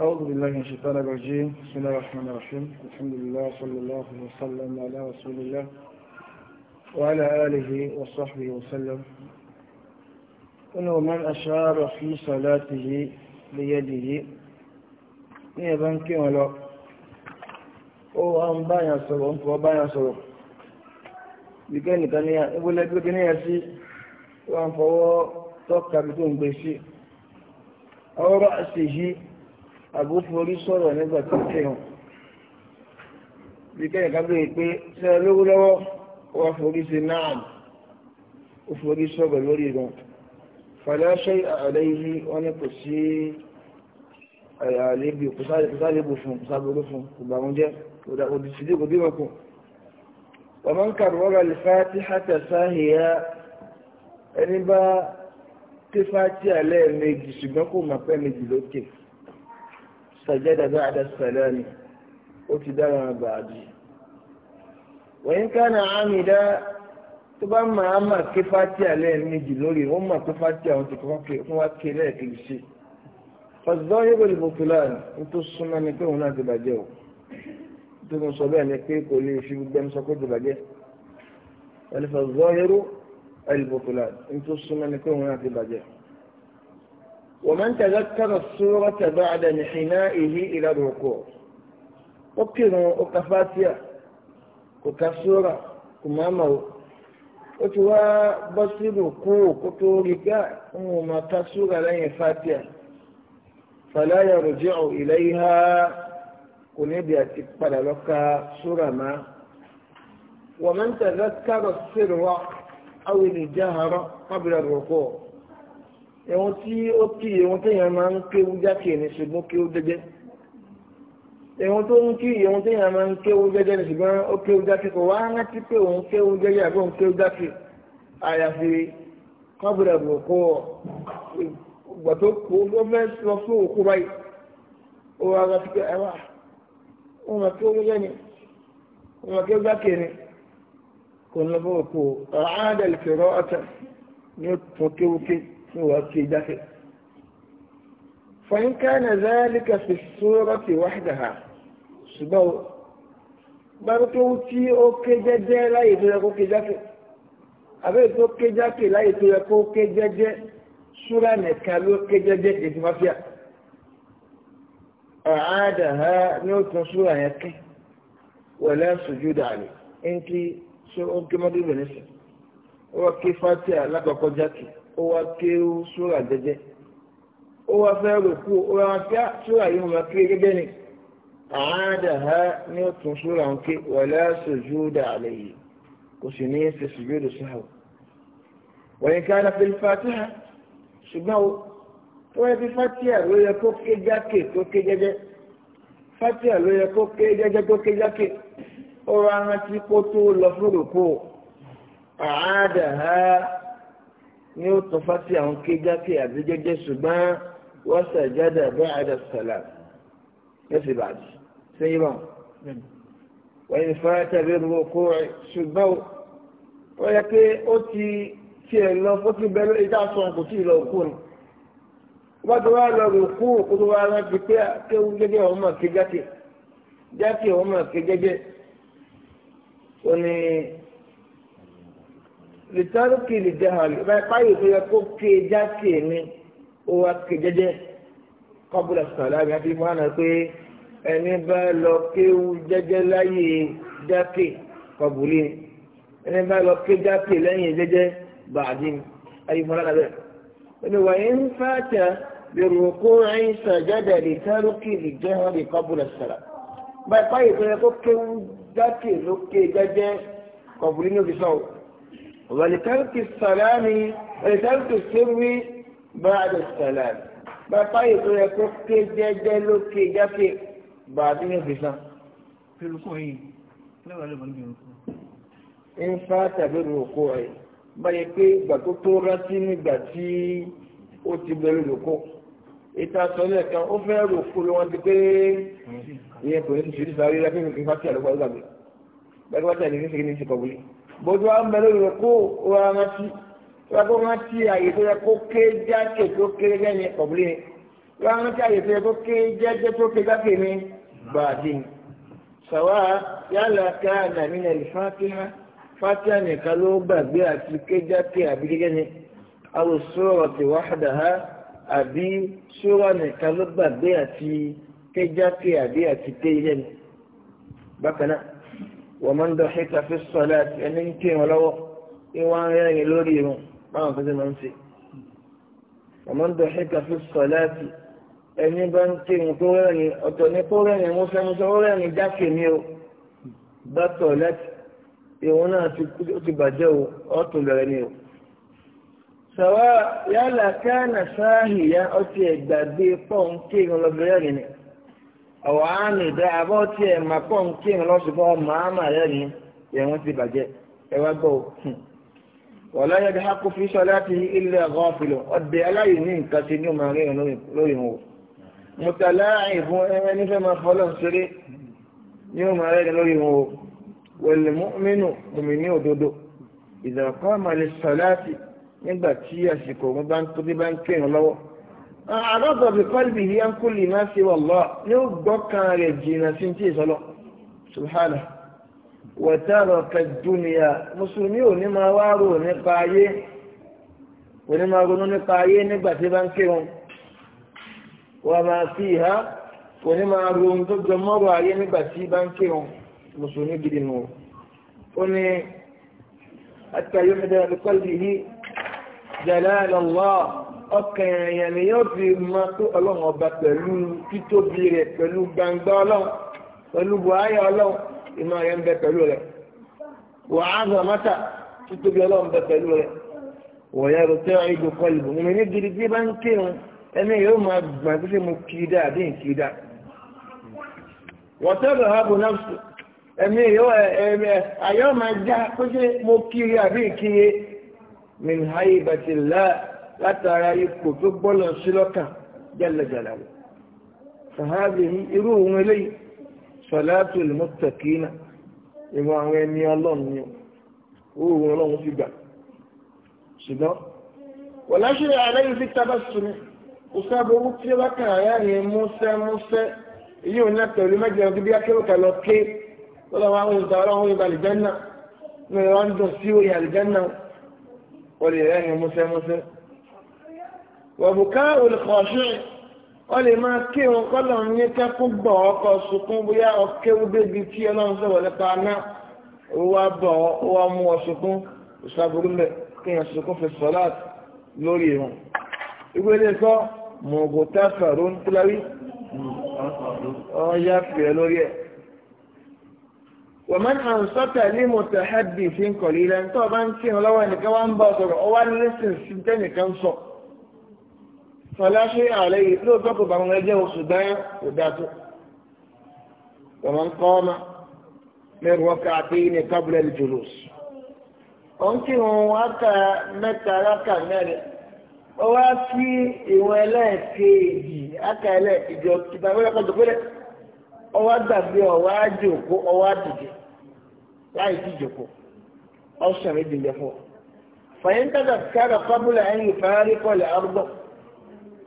أعوذ بالله من الشيطان الرجيم بسم الله الرحمن الرحيم الحمد لله صلى الله عليه وسلم على رسول الله وعلى آله وصحبه وسلم إنه من أشار في صلاته بيده ní ẹ̀bá ń kí wọn lọ ó wá ń báyàn sọ̀rọ̀ ń fọ́ báyàn sọ̀rọ̀ bíkẹ́ nìkan ní ìwọlẹ̀ gbẹ́gbẹ́ ní ẹ̀sí wọ́n àbó forí sọ̀rọ̀ nígbà tó kírun bí kẹ́yìn ká bèèrè pé ṣe lówó lọ́wọ́ ó wá forí sí náà ó forí sọ̀rọ̀ lórí irun fàlàṣẹ ààrẹ yìí wọn ni kò sí àlébi kùsàlébù fún kùsàbòrò fún ìgbàmújẹ òdìsílẹ̀ kò bímọ kù. ومن كرر الفاتحة ساهيا ẹni bá ké fàtíà lẹ́ẹ̀mejì ṣùgbọ́n kò mọ̀ pé méjì lókè سجد بعد السلام وتدرى بعدي وإن كان عامدا تبا ما أما كفاتي عليه نجي لوري وما كفاتي أو تكفاتي لك شيء فالظاهر البطلان انتو السنة نكون هنا تباجيه انتو نصبع نكي كولي في قدام سكو تباجيه فالظاهر البطلان انتو السنة نكون هنا تباجيه ومن تذكر الصورة بعد انحنائه إلى الركوع أكروا أكفاتيا كسورة كمامو أتوا بصير كو كتوريكا وما كسورة لن فاتيا فلا يرجع إليها كنبي أتقبل لك سورة ما ومن تذكر السر أو الجهر قبل الركوع ẹ̀wọ̀n tí ó ti ẹ̀wọ̀n téèyàn máa ń kéwú jákè ní ṣùgbọ́n kéwú jẹ́jẹ́ ẹ̀wọ̀n tó ń kí ẹ̀wọ̀n téèyàn máa ń kéwú jẹ́jẹ́ ní ṣùgbọ́n ó kéwú jákè kò wá rántí pé òun kéwú jẹ́jẹ́ àbí òun kéwú jákè àyàfi kọ́bùrẹ̀ bò kó ìgbà tó kó ó fẹ́ lọ fún òkú báyìí ó wá rántí pé ẹwà ó máa kéwú jẹ́jẹ́ ni ó máa kéwú jákè ni kò ń lọ fún òkú ọ̀rọ̀ ní wàá ké dákẹ́. فإن كان ذلك في السورة وحدها ṣùgbọ́n gbárùkú tí ó ké jẹ́jẹ́ láyé tó yẹ kó ké jákè àbẹ́rẹ́ tó ké jákè láyé tó yẹ kó ké jẹ́jẹ́ ṣúra nìkan ló ké jẹ́jẹ́ èdè máfíà ọ̀hádà ha ní ó tún ṣúra yẹn ké wẹ̀lẹ́ sojú dàlú ẹnkí ṣó ó ké mọ́tò ìbẹ̀rẹ̀ sí wọ́n ké fátì alákọ̀ọ́kọ́ jákè ó wá kéwú súrà jẹ́jẹ́ ó wá fẹ́ rò kú ó wá fẹ́ súrà yìí wọn kéré gẹ́gẹ́ ni àádà ha ní ó tún súrà ń ké wala sujuda alayhi kò sì ní í ṣe sujudu sahwi wa in kana fil fatiha ṣùgbọ́n o tó yẹ kí fatia ló yẹ kó ké jákè tó ké jẹ́jẹ́ fatia ló yẹ kó ké jẹ́jẹ́ tó ké jákè ó wá rántí kó tó lọ fún rò kú àádà ha ni ó tún fásitì àwọn kéjákè àti jẹjẹ ṣùgbọ́n wọ́n ṣàjáde àbẹ́ àdàsàlà lẹ́sìn bàjẹ́ sẹ́yìn bọ́n. wọ́n yìí fara tàbí rúbọ̀ kó rẹ̀ ṣùgbọ́n ó yẹ pé ó ti tiẹ̀ lọ fókì bẹ́ẹ̀ lórí ìdá sọ̀rọ̀ kò tí ì lọ òkú ni. wọ́n ti wá lọ rò kú òkú tó wá rántí pé kéwú jẹ́jẹ́ ọ̀hún mọ̀ kéjákè jákè ọ̀hún mọ̀ kéjẹ́jẹ́ ó ní lìtọ́rùkì lìjẹ́hàn báyìí tó yẹ kó ké jákè mi ó wá ké jẹ́jẹ́ kọ́bùlà sọ̀lá mi àti mọ́nà pé ẹni bá lọ kéwú jẹ́jẹ́ láyé jákè kọ́bùlì ẹni bá lọ ké jákè lẹ́yìn jẹ́jẹ́ bàdí ayé mọ́nà lábẹ́. ẹni wàá ń fàtà lèròkó ẹ̀yìn sàjádà lìtọ́rùkì lìjẹ́hàn kọ́bùlà sọ̀lá báyìí tó yẹ kó kéwú jákè ló ké jẹ́jẹ́ kọ́bùlì ní òfìsọ́wọ́. ولترك السلام ولترك السر بعد السلام bàbáyé tó yẹ kó ké jẹ́jẹ́ ló ké jáfe bàbá ní ìfisàn. fèrèkó yìí lẹ́wà lè wọ́n ní ìrùkú. ń fa tàbí ìrùkú rẹ̀ báyẹ̀ pé ìgbà tó tó rántí nígbà tí ó ti bẹ̀rẹ̀ ìrùkú. ìta sọ lẹ́ẹ̀kan ó fẹ́ rùkú ló wọ́n ti pé ìyẹn kò ní ti ṣe ní sáré rẹ́ fún ìfàkì àlùkò àgbàgbé. bẹ́ẹ̀ ni wọ́n tẹ̀lé ní ṣe kí ní ṣe kọ̀wé bójú wa ń bẹ lórí rẹ kó rọra rántí rọra kó rántí àyè tó yẹ kó ké jáde tó kéré jẹ́ni ọ̀bùlé ni rọra rántí àyè tó yẹ kó ké jẹ́jẹ́ tó ké jáde ní bàdí ni. sàwa yálà ká nàmí nàlì fátíhà fátíhà nìkan ló gbàgbé àti ké jáde àbí gẹ́gẹ́ ni àwọn sọ̀rọ̀ ti àbí sọ̀rọ̀ nìkan ló gbàgbé àti ké jáde àbí àti ké jẹ́ni. bákan náà. ومن ضحك في الصلاة يعني يمكن ولو إيوان يعني لوري ما فزي منسي ومن ضحك في الصلاة ẹni bá ń ké ní kó rẹ́ni ọ̀tọ̀ ní kó rẹ́ni mọ́sẹ́mọ́sẹ́ ó rẹ́ni jákè ní o bá tọ̀ láti ìwọ̀n náà ti bàjẹ́ o ọ̀tún bẹ̀rẹ̀ ní o. sọ̀rọ̀ yálà káànà sáàhì ọ̀wọ́ àmì ìdá abọ́ tí ẹ̀ máa pọ̀ ń kí ìrìn lọ́sùbọ́ màámà lẹ́ni ẹ̀wọ̀n ti bàjẹ́ ẹwà gbọ́ wọ̀lá yẹ́dẹ́ hákú fi sọ láti ilẹ̀ ọ̀gọ́fìlò ọdẹ aláìní nǹkan ti ní ọmọ rẹ̀ lórí wọn mọ̀tàlá ìfún ẹ̀rẹ́ nífẹ̀ẹ́ máa fọ́lọ́ ṣeré ní ọmọ rẹ̀ lórí wọn wẹ̀lẹ̀ mọ́mínú omi ní òdodo ìdàkọ́ àmàlẹ̀ sọ láti nígbà tí àsìkò àdọ́dọ̀ bí kọ́lìbì yìí ń kúlì máa ṣe wà lọ ní ó gbọ́kàn rẹ̀ jìnnà sí tí ìsọlọ subhana wẹ̀tàrọ kẹdùnìyà mùsùlùmí ò ní máa wá rò nípa ayé ò ní máa ronú nípa ayé nígbà tí bá ń kírun wà máa fi ìhá ò ní máa ro tó jọ mọ́rọ̀ ayé nígbà tí bá ń kírun mùsùlùmí gidi nù ó ní àtàyọ́mẹdẹ́ kọ́lìbì yìí jalal ọkàn èèyàn ni yóò fi mọ tó ọlọ́run ọba pẹ̀lú títóbi rẹ̀ pẹ̀lú gbangba ọlọ́run pẹ̀lú buhari ọlọ́run ìmọ̀ rẹ̀ ń bẹ pẹ̀lú rẹ̀ wàhálà àmọ́tà títóbi ọlọ́run bẹ pẹ̀lú rẹ̀ wọ̀nyá ló tẹ́ ìgò kọlù ìmọ̀ ní náà ẹ̀mí yóò ayọ́ máa já ṣe mo kiri àbí látara ipò tó gbọ́lọ̀ sí lọ́kàn jẹ́lẹ̀jẹ̀lẹ̀ rẹ̀. sàhábì ní irú òun eléyìí sọ̀láàtù lè mú tẹ̀kínà ìwọ̀n àwọn ẹni ọlọ́run ni òun ọlọ́run fi gbà. ṣùgbọ́n wọ́n láṣẹ àlẹ́yìn sí tábàsùnmí kò sábà owó tí wọ́n kàn áyá ni múṣẹ́ múṣẹ́ èyí ò ní pẹ̀lú mẹ́jọ ọdún bí akéròkà lọ ké lọ́wọ́ àwọn ìgbà ọlọ́run ìgbà àlìjẹ́nà ní ìwọ́n dùn sí òye àlìjẹ́nà wọ́n lè rẹ́rìn múṣẹ́ múṣẹ́ wọ̀bùká olùkọ́ṣù wọ́n lè máa kí wọn kọ́lọ̀ ní kẹ́kún bọ̀ ọkọ̀ sunkún bóyá ọkéwú débi tí ọlọ́run sọ̀rọ̀ nípa náà ó wá bọ̀ ó wá mú ọ sunkún ìṣàbùrú mẹ́ kí wọn sunkún fi sọ́láàt lórí ìrùn. ìwé ilé sọ mọ̀gòtà fàró ń tíláwí ọ̀yá fìyà lórí ẹ̀. wọ́n máa ń sọ́tà ní mọ̀tàhádì fi ń kọ̀lí lẹ́ńtọ́ bá ń kí wọn lọ́wọ́ fọláṣẹ àlẹ yìí lóòótọ́ kò bá wọn ẹjẹ́ oṣù dáná kò ọmọ mẹ́rin wọn ká àti ní kábílẹ̀ ní jùlọs wọn kí wọn wá ká mẹ́ta ráka mẹ́rin wọn wá sí ìwọn ẹlẹ́ẹ̀kejì áka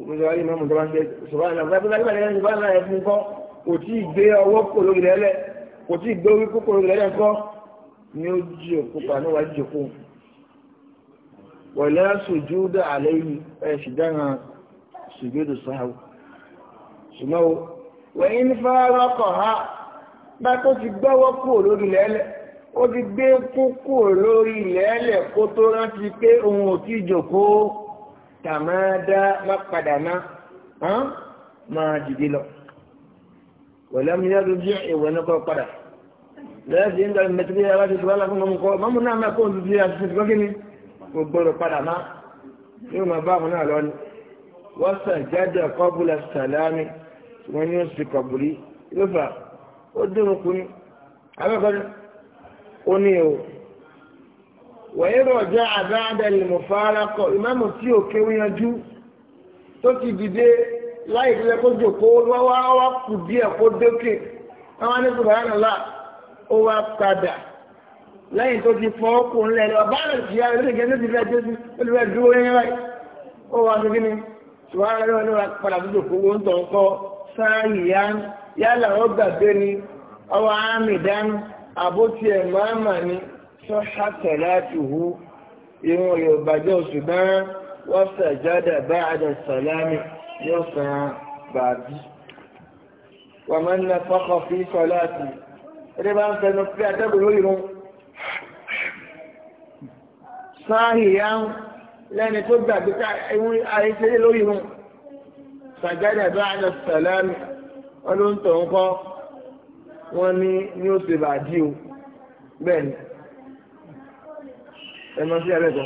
ìgbésẹ̀ wáyé mọ́mù tó bá ń ṣe ṣùgbọ́n àná bá bá bá ṣùgbọ́n àná ẹ̀ fún kọ́ kò tí ì gbé ọwọ́ kò lórí lẹ́lẹ̀ kò tí ì gbé orí kò lórí lẹ́lẹ̀ kọ́ ni ó jí òkú pàánù wá jí òkú wọ̀lẹ́ sùjúdà àlẹ́ yìí ẹ̀ sì dáhàn sùjúdù sáhù ṣùgbọ́n o wẹ̀yìn ní fáwọn ọkọ̀ ha bá tó ti gbọ́wọ́ kò lórí lẹ́lẹ̀ ó ti gbé kókó lórí lẹ́lẹ̀ kó tó rántí pé òun ò tí ì jòkó tàmáàdá má padà ná máa dìde lọ wọ̀lẹ́mú yá lójú ìwọ̀n náà kọ́ padà lẹ́yìn tí ń gbà mẹ́tìrì yàrá ti tìwá láfún ọmọ kọ́ mọ́mú náà máa kó ohun tuntun yàrá ti tìwá kí ni kò gbọ́dọ̀ padà má yóò máa bá àwọn náà lọ ni wọ́n sàn jáde ọ̀kọ́bùlà sàlámì wọ́n ní oṣù kọ̀bùrí ló fà ó dúró kú ni abẹ́kọ́ni ó ní o. wẹ̀yẹ́rọ̀ jẹ́ àbáàdàlẹ̀ mọ̀fárakọ̀ ìmáàmù tí ò kéwú yanjú tó ti dìde láì tilẹ̀ kó jòkó wá wá kù díẹ̀ kó dókè àwọn ní subhanallah ó wá padà lẹ́yìn tó ti fọ́ ọkùnrin lẹ́nu ọba rẹ̀ sì yára lórí ìgbésẹ̀ ti fẹ́ jésù ó ti fẹ́ dúró yẹn báyìí ó wá sí kíni subhanallah padà tó jòkó wọ́n kọ́ tó ṣàtọ̀ láti hu irun yóò bàjẹ́ oṣù náà wọ́n ṣàjádà bá àdà sàlámì yóò san bàbí. wọ́n máa ń na fọ́kọ̀ fi sọ láti ẹni bá ń fẹnu pé atẹ́gùn lórí irun. sáàhì yá ń lẹ́ni tó gbàgbé ká àìṣeré lórí irun. ṣàjádà bá àdà sàlámì ọlọ́ntọ̀ ńkọ́ wọ́n ní ní ó ṣe bàjí o bẹ́ẹ̀ ni ẹ mọ sí abẹ́kọ.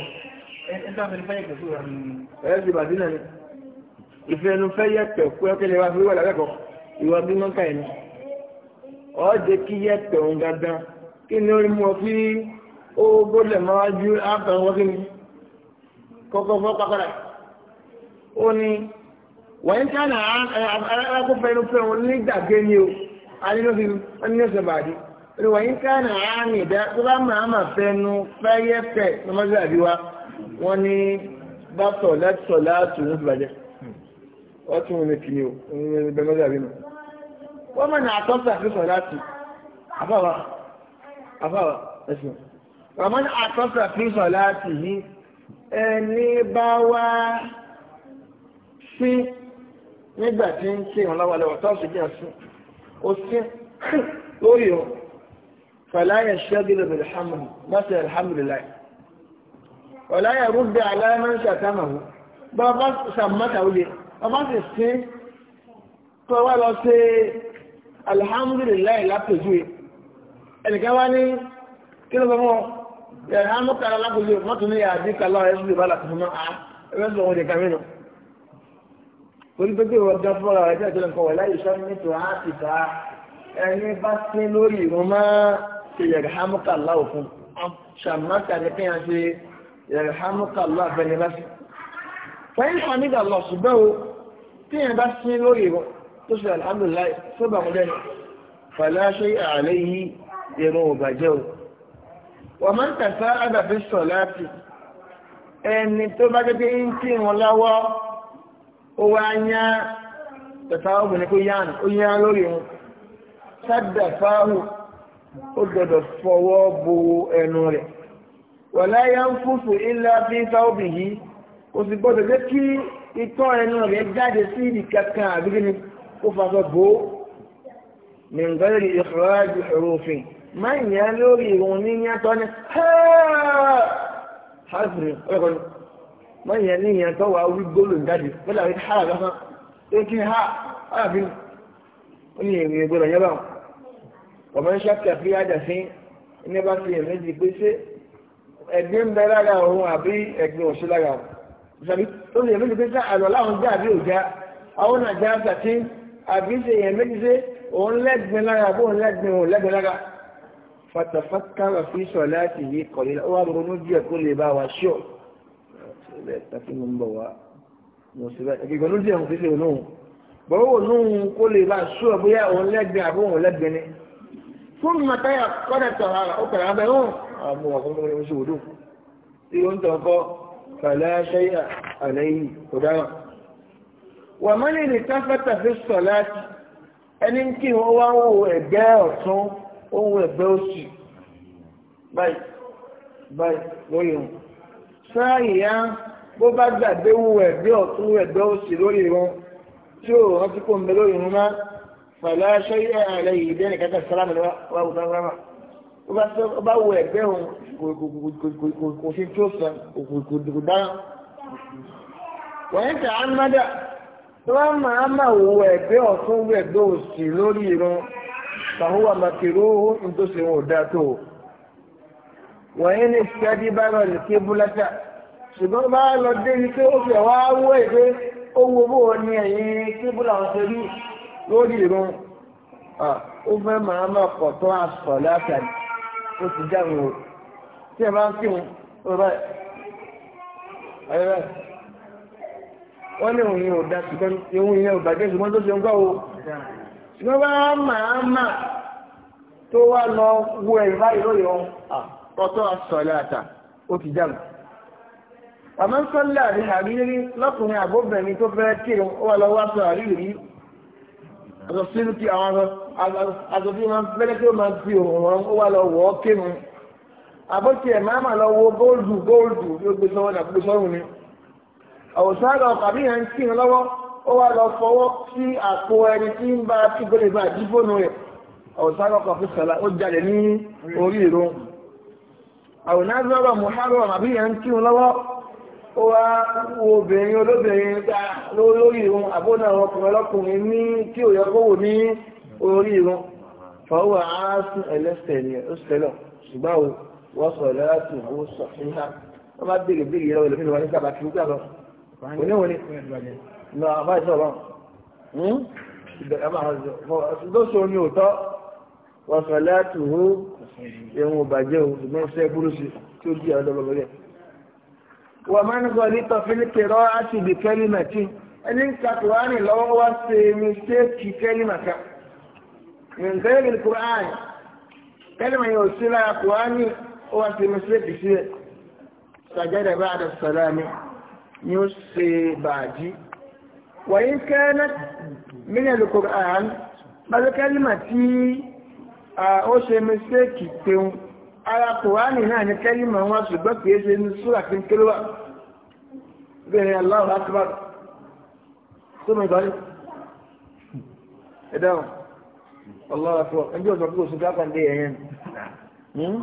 ẹ ti bàtí náà ni ìfẹ́ ẹnu fẹ́ yẹpẹ̀ kú ẹ kẹlẹ́ wá fi wà lábẹ́kọ ìwà bí wọ́n ká ẹni. ọ jẹ́ kí yẹpẹ̀ òun dandan kí ni ó rí mu ọ kí ó gbọ́dọ̀ máa ju àtàwọn kí ni kọ́kọ́ fọ́ pàkàrà. ó ní wọ́n ká náà arákùnfẹ́ inú fẹ́ wọn nígbàgbé ni o a ní ló fi ní ọ̀sẹ̀ bàdí ìròyìn kánà àmì ìdá tó bá máa máa fẹnu fẹ́yẹ́fẹ́ lọ́mọdé àbíwá wọ́n ní bá sọ̀ láti sọ̀ láti òun ti bàjẹ́ wọ́n tún wọn ní kìíní o ní bẹ́mọ́dé àbínú wọ́n mọ̀ ní àtọ́sà fi sọ̀ láti àbáwá àbáwá ẹ̀sìn wọ́n mọ̀ ní àtọ́sà fi láti yìí ẹni bá wá sí nígbà tí ń ṣe ìrànlọ́wọ́ lọ́wọ́ tó ṣe jẹ́ sí ó sí lórí o. فلا يشتغل بالحمل مثل الحمد لله ولا يرد على من شتمه bàbá sàmọ́ta olè bàbá sì sí tó wá lọ sí alhamdulillahi lápèjúwe ẹnìkan wá ní kí ló fẹ́mọ́ yàrá mọ́kànlá lápèjúwe mọ́tún ní yàrá kàlá ẹ̀sùn ìbá láti fún àá ẹ̀sùn ọmọdé kàmínú torí pé wọ́n gan fún ọ̀rọ̀ ẹ̀jẹ̀ ìjọba nǹkan wọ̀ láyé sọ́ni nítorí àti ta ẹni bá sí lórí ìrún máa ṣe yẹ̀rẹ̀hámúkà láwò fún ṣàmùmáta ní kí wọ́n ṣe yẹ̀rẹ̀hámúkà láwò lásì. fẹ́yìn allah ṣùgbọ́n o tí yẹn bá sí lórí ìwọ tó ṣe alhamdulilayi tó bá wọn yìí ò bàjẹ́ o. wọ́n máa ń tẹ̀sán àdàbí láti ẹni tó bá gẹ́gẹ́ ń wọn lọ́wọ́ ó wá ó gbọ́dọ̀ fọwọ́ bo ẹnu rẹ̀ wọ̀lá yá ń fúfù ilá bí sáwọ́bì yìí kò sì gbọ́dọ̀ pé kí itọ́ ẹnu rẹ̀ jáde sí ibi kankan àbíkí ni ó fàṣọ bò ó nìgbẹ́rì ìfọ̀rájú òfin máa ń yá lórí ìrùn ní yàtọ̀ ní hàásìrì ọ̀rẹ́kọ̀ ni máa ń yá ní yàtọ̀ wà wí gbólò jáde wọ́n dàbí hàrà lọ́sàn ó kí ha hàrà fi ó ní èrè ìgbọ́dọ̀ yẹ́ báwọn ọmọ ṣọ́kẹ̀ fi àjẹsín ní bá fi èmi di pé ṣé ẹ̀gbin ń bẹ lára òun àbí ẹ̀gbin òṣù lára òun ìsàbí ó lè méjì pé sá àlọ́ láwọn jẹ́ àbí òjá àwọn àjá àtàtí àbí ṣe èèyàn méjì ṣe òun lẹ́gbin lára àbó òun lẹ́gbin òun lẹ́gbin lára fatafakara fi sọ láti yí kọ̀lé ó wá ronú díẹ̀ kó lè bá wa ṣíọ̀ ṣẹlẹ̀ tàbí mo ń bọ̀ wá mo sì bá ẹgbẹ̀gbẹ̀ ló díẹ̀ mo fi ṣe òun náà bọ̀wọ́ òun kó lè bá ṣíọ̀ bóyá òun lẹ́gbin àbó òun lẹ́gbin ثم تيقن الطهارة أكل عمله أبو عمر وجوده ينتقى فلا شيء عليه قدر ومن التفت في الصلاة أن يمكن هو هو إبداع أصلا هو إبداع باي باي ويوم sáàyà bó bá gbàgbé wù ẹ̀gbẹ́ ọ̀tún ẹ̀gbẹ́ òsì lórí wọn tí ó rántí kò ń bẹ lórí wọn máa pẹ̀lú aṣọ yìí ààrẹ yìí bẹ́ẹ̀ nìkan kan sálámù lọ́wọ́ wọ́n sálámù ó bá wọ ẹgbẹ́ òun kò sí tó sàn kò dáná. wọ́n yẹn tẹ anmada tó bá máa ma wọ ẹgbẹ́ ọ̀tún wọ ẹgbẹ́ òsì lórí irun fàhùwà màkìrú nítòsí wọn ò dáa tó o. wọ́n yẹn ní sẹ́dí bá lọ lè ṣùgbọ́n bá lọ dé ní pé ó fẹ́ wá wọ ẹgbẹ́ ó wo bó ní ẹ̀yìn kébùlà wọn ṣe lórí ìrun ó fẹ́ máa máa pọ̀ tó àṣọ látàrí ó ti jáwé o tí ẹ bá ń kírun ó rẹ ẹ wọ́n ní òun ò da ṣùgbọ́n òun yẹn ò bàjẹ́ ṣùgbọ́n tó ṣe ń gbọ́ o ṣùgbọ́n bá máa mà tó wá lọ wo ẹ̀rù báyìí lóye wọn ọ̀tọ́ àṣọlẹ̀ àtà ó ti jáde. àmọ́ sọ́lá àti lọ́kùnrin àbóbìnrin tó fẹ́ kírun ó wà lọ́wọ́ aṣọ àrírí aṣọ sílùkì àwọn aṣọ tí wọ́n fẹ́lẹ́ kí wọ́n máa fi òun wọn ó wà lọ wọ́ kéwù àbọ̀tì ẹ̀ máa mà lọ wo góòlù góòlù tí ó gbé sọ́wọ́ náà gbé sọ́run ni àwòsàn àgbà ọ̀pá bí yẹn ń kírun lọ́wọ́ ó wá lọ fọwọ́ sí àpò ẹni tí ń bá kígbélé bá àdí fóònù rẹ̀ ọ̀sán ọkọ̀ fún sọ̀lá ó jalè ní orí ìró àwòrán àbí yẹn ń kírun lọ́wọ́ ó wá wo obìnrin olóbìnrin ah, lórí irun àbónà ọkùnrin ọlọ́kùnrin ní tí ò yẹ ní orí irun fọwọ́ aásùn ẹlẹ́sẹ̀ ni ó sẹlọ̀ ṣùgbọ́n o wọ́n sọ ìlera tù àwọn sọ fún ha wọ́n bá béèrè béèrè yẹn ìlú nínú wọn nígbà bá kí wúkà lọ. oníwòní nà àbá ìṣọ̀ wọn hmm? lóṣù ni òótọ́ wọ́n sọ ìlera tù hó ìrùn òbàjẹ́ òṣùgbọ́n iṣẹ́ burúkú tí ó di àwọn ọlọ́lọ́lọ́ wà máa ń gbọ́ ní tọ́fílì kẹrọ àti ibi kẹ́límà tí ẹni ń ka kùránì lọ́wọ́ wá ṣe mistéèkì kẹ́límà kan nǹkan yẹn ní kùránì kẹ́límà yẹn ò sí lára kùránì ó wá ṣe mistéèkì sí ẹ̀ sàjẹ́dẹ̀ bá àdà sàlámì ni ó ṣe bàájí wàyí kẹ́lẹ́ mílẹ̀ ní kùránì bá kẹ́límà tí ó ṣe mistéèkì pẹ̀hùn ara kùránì náà ní kẹ́límọ̀ wọn ṣùgbọ́n kìí ṣe ní súrà tí ń kéré wà bẹ́ẹ̀ Allahu akbar tó mọ̀ ìbáyé ẹ̀dáhùn Allahu akbar ẹjọ́ ọ̀sán kúrò sókè àpàǹdé ẹ̀yẹn hmm?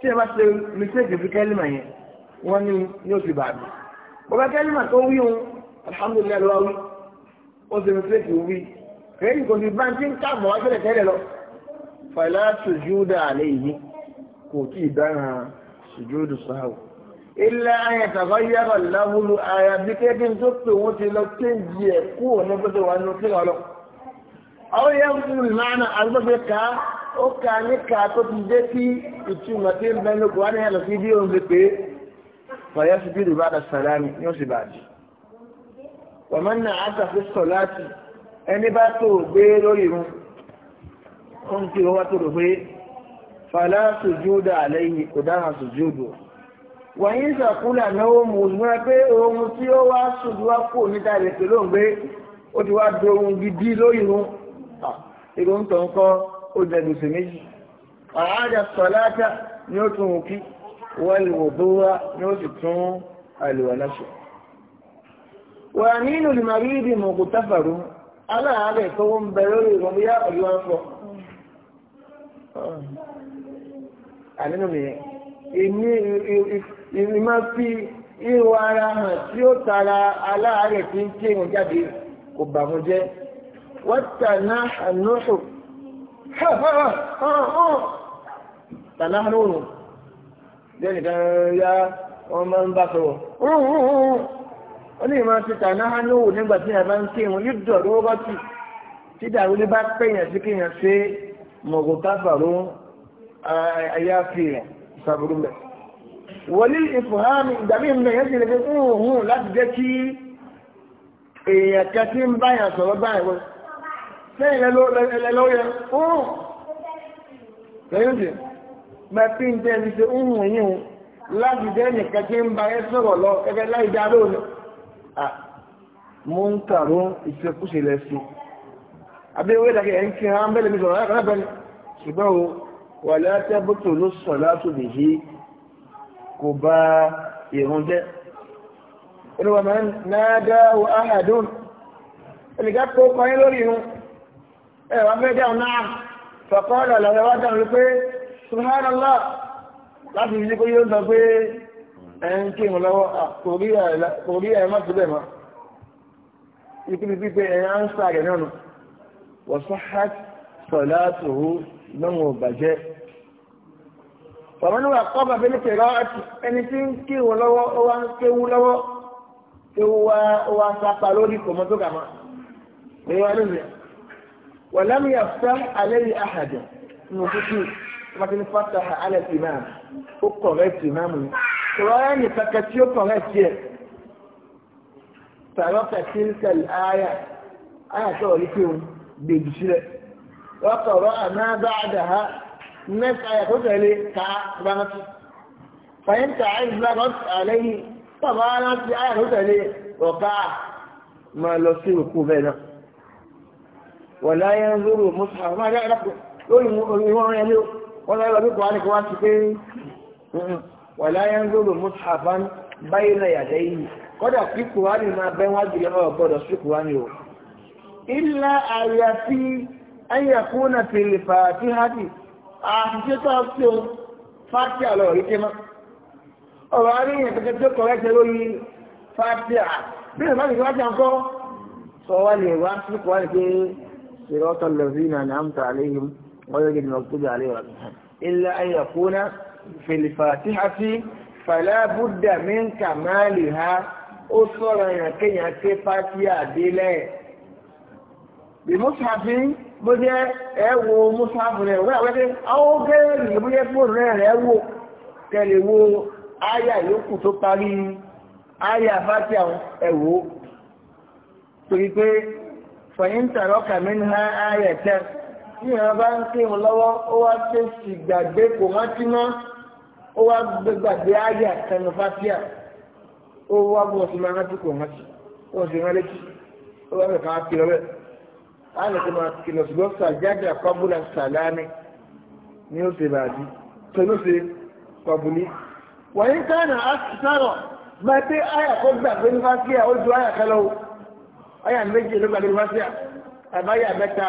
tí ẹ bá ṣe mistake fi kẹ́límà yẹn wọ́n ní ní oṣù bàbí bọ́bá kẹ́límà tó wí òun alhamdulillah lọ́wọ́ ó ṣe mi pléètì wí kẹ́yìn kò sí báńkì ń kààbọ̀ wá tẹ́lẹ̀ tẹ́lẹ̀ lọ fàìlà sùjúdà àlẹ́ yìí kò tí ì dára sùjúdù sáwò ilẹ̀ ayẹ tàbá yára láwùlù ara bí kẹ́kẹ́ tó pè wọ́n ti lọ kéjì ẹ̀ kúrò ní pẹ́sẹ̀ wà nínú kíra lọ. àwọn yẹn ń fún ìlànà àgbẹ̀fẹ́ ká ó ka ní ká tó ti dé sí ìtumọ̀ tí ń bẹ́ẹ̀ lóko wá ní ẹ̀lọ́sí bí sí bí wàmọ́ nà àtàkùn sọ̀ láti ẹni bá tó gbé lórí irun ó ń tí wọ́n tó rò pé fàlá sùjúdà àlẹ́yìn kò dáhà sùjúdù wọ̀nyí sàkúlà náwó mú múra pé ohun tí ó wá sùdú wá kò níta rẹ̀ pẹ̀lú òǹgbé ó ti wá do ohun gidi lórí irun èrò ah, ń tàn kọ́ ó dẹ̀gbèsè méjì àádà sọ̀láta ni ó tún òkí wọ́n lè wò bó wá ni ó sì tún àlùwàlá ṣe wà nínú ìmọ̀rídì mọ̀kù tábàrú aláàárẹ̀ tó ń bẹ lórí ìwọ̀n bí ọ̀yọ́ afọ́ ànínú nìyẹn èmi máa fi ìwọ ara hàn tí ó tara aláàárẹ̀ tí ń ké wọn jáde kò bà jẹ́ wọ́n tà náà ànúṣò jẹ́ nìkan yá wọ́n máa ń bá sọ̀rọ̀ ó ní ìmọ̀ ti tàná hánúwò nígbà tí a bá ń kí wọn yóò dọ̀rọ̀ owó bọ́tì tí dàrúlé bá pèèyàn sí kéèyàn ṣe mọ̀gò káfàró ayáfi rẹ̀ ìsàbùrù rẹ̀. wọlé ìfòhámi ìgbà mí mẹ́ yẹn ti lè fi hùhùn láti jẹ́ kí èèyàn kan tí ń báyàn sọ̀rọ̀ báyàn wọ́n lẹ́yìn lẹ́lọ́yẹ hùhùn lẹ́yìn tí mẹ́ fi ń jẹ́ ti ṣe hùhùn yìí láti jẹ́ nìkan tí ń báyàn sọ̀rọ̀ lọ mú ń tàró ìṣekúṣe lẹ́sí abẹ́wé dàgẹ́ ẹ̀ ń kí hàn bẹ́lẹ̀ mi sọ̀rọ̀ lábẹ́ni ṣùgbọ́n o wà látẹ́ bótò ló sọ̀ látò lè yí kò bá ìrún jẹ́ olùwà máa ń náádá wa áhàdùn láti fi yóò sọ pé ẹ̀yìn kí ìrùn lọ́wọ́ torí ẹ̀ má fi bẹ́ẹ̀ mọ́ ìpínlẹ̀ pípé ẹ̀yìn ánsà rẹ̀ náà nù wọ́sọ́hát sọ̀láàtòhó lọ́wọ́ bàjẹ́ wàmọ́nú àkọ́bà bí ní kẹrọ ẹni tí ń kírun lọ́wọ́ ó wá ń kéwú lọ́wọ́ kéwú wá ó wá sápa lórí kòmọ́ tó kàmá èyí wá nìyẹn wàlámù yàtọ̀ alẹ́ yìí àhàjọ nù kúkú wọ́n ti ní fàtàhà alẹ́ tìmáà ó kọ̀rẹ́ tìmáà mu ni rọ́rẹ́ nìkan kan tí ó kọ̀rẹ́ tiẹ̀ tàrọ́kà tí ń tẹ̀lé ayà ayà tó rí pé òun gbèjì sílẹ̀ wọ́kọ̀ rọ́ àná bá àdà ha mẹ́ta ayà tó tẹ̀lé ká rántí fàyíntà àìsílá rọ́tì àlẹ́yìn tàbá rántí ayà tó tẹ̀lé ọ̀ká máa lọ sí òkú bẹ́ẹ̀ náà wọ̀ láyé ń rúrò mọ́sàmá máa dá ìdákùn lórí ìwọ̀n rẹ̀ ní wọ́n lọ́wọ́ bí kò wá ní kò wá ti pé wàlá yanzuru mushafan bayna yadayhi kọ́dà kí kùránì máa bẹ́ wájú lọ́wọ́ ọ̀gbọ́dọ̀ sí kùránì o. ilá àyàfi ayàkúnà fèrè fàáfí hádì àṣìṣe tó ń fi fàáfí àlọ́ rí ké mọ́. ọ̀rọ̀ aríyìn kẹ́kẹ́ tó kọ̀ rẹ́sẹ̀ lórí fàáfí à bí ìrìn fàáfí wájú àkọ́ sọ wá lè wá sí kùránì في الفاتحة فلا بد من كمالها أصلا يكي يكي فاتحة ديلي بمصحف bóyá ẹwọ mọ́sáàbù rẹ̀ wọ́n àwẹ́dẹ́ àwọn gẹ́rẹ̀ bóyá fóònù rẹ̀ rẹ̀ wò kẹlẹ̀ wo áyà yòókù tó parí áyà fásitì àwọn ẹ̀wọ́ torí pé fẹ̀yìntàrọ́kà mẹ́nu ha áyà tẹ́ tí èèyàn bá ń kírun lọ́wọ́ ó wá tẹ̀sí gbàgbé kò rántí mọ́ ó wá gbàgbé ayé àtẹnu fásíà ó wá bọ̀ sí máa rántí kò rántí wọ́n sì rán létí ó wá bẹ̀rẹ̀ ká kìlọ̀ bẹ́ẹ̀ á lè tó máa kìlọ̀ ṣùgbọ́n sàjáde àkọ́bùlà sàlámì ni ó ṣe bàbí pẹ̀lú ṣe kọ̀bùlì. wọ̀nyí kánà á sọ̀rọ̀ máa pé àyà kó gbàgbé ní fásíà ó ju àyà kálọ̀ àyà méjì ló gbàgbé ní fásíà àbáyà mẹ́ta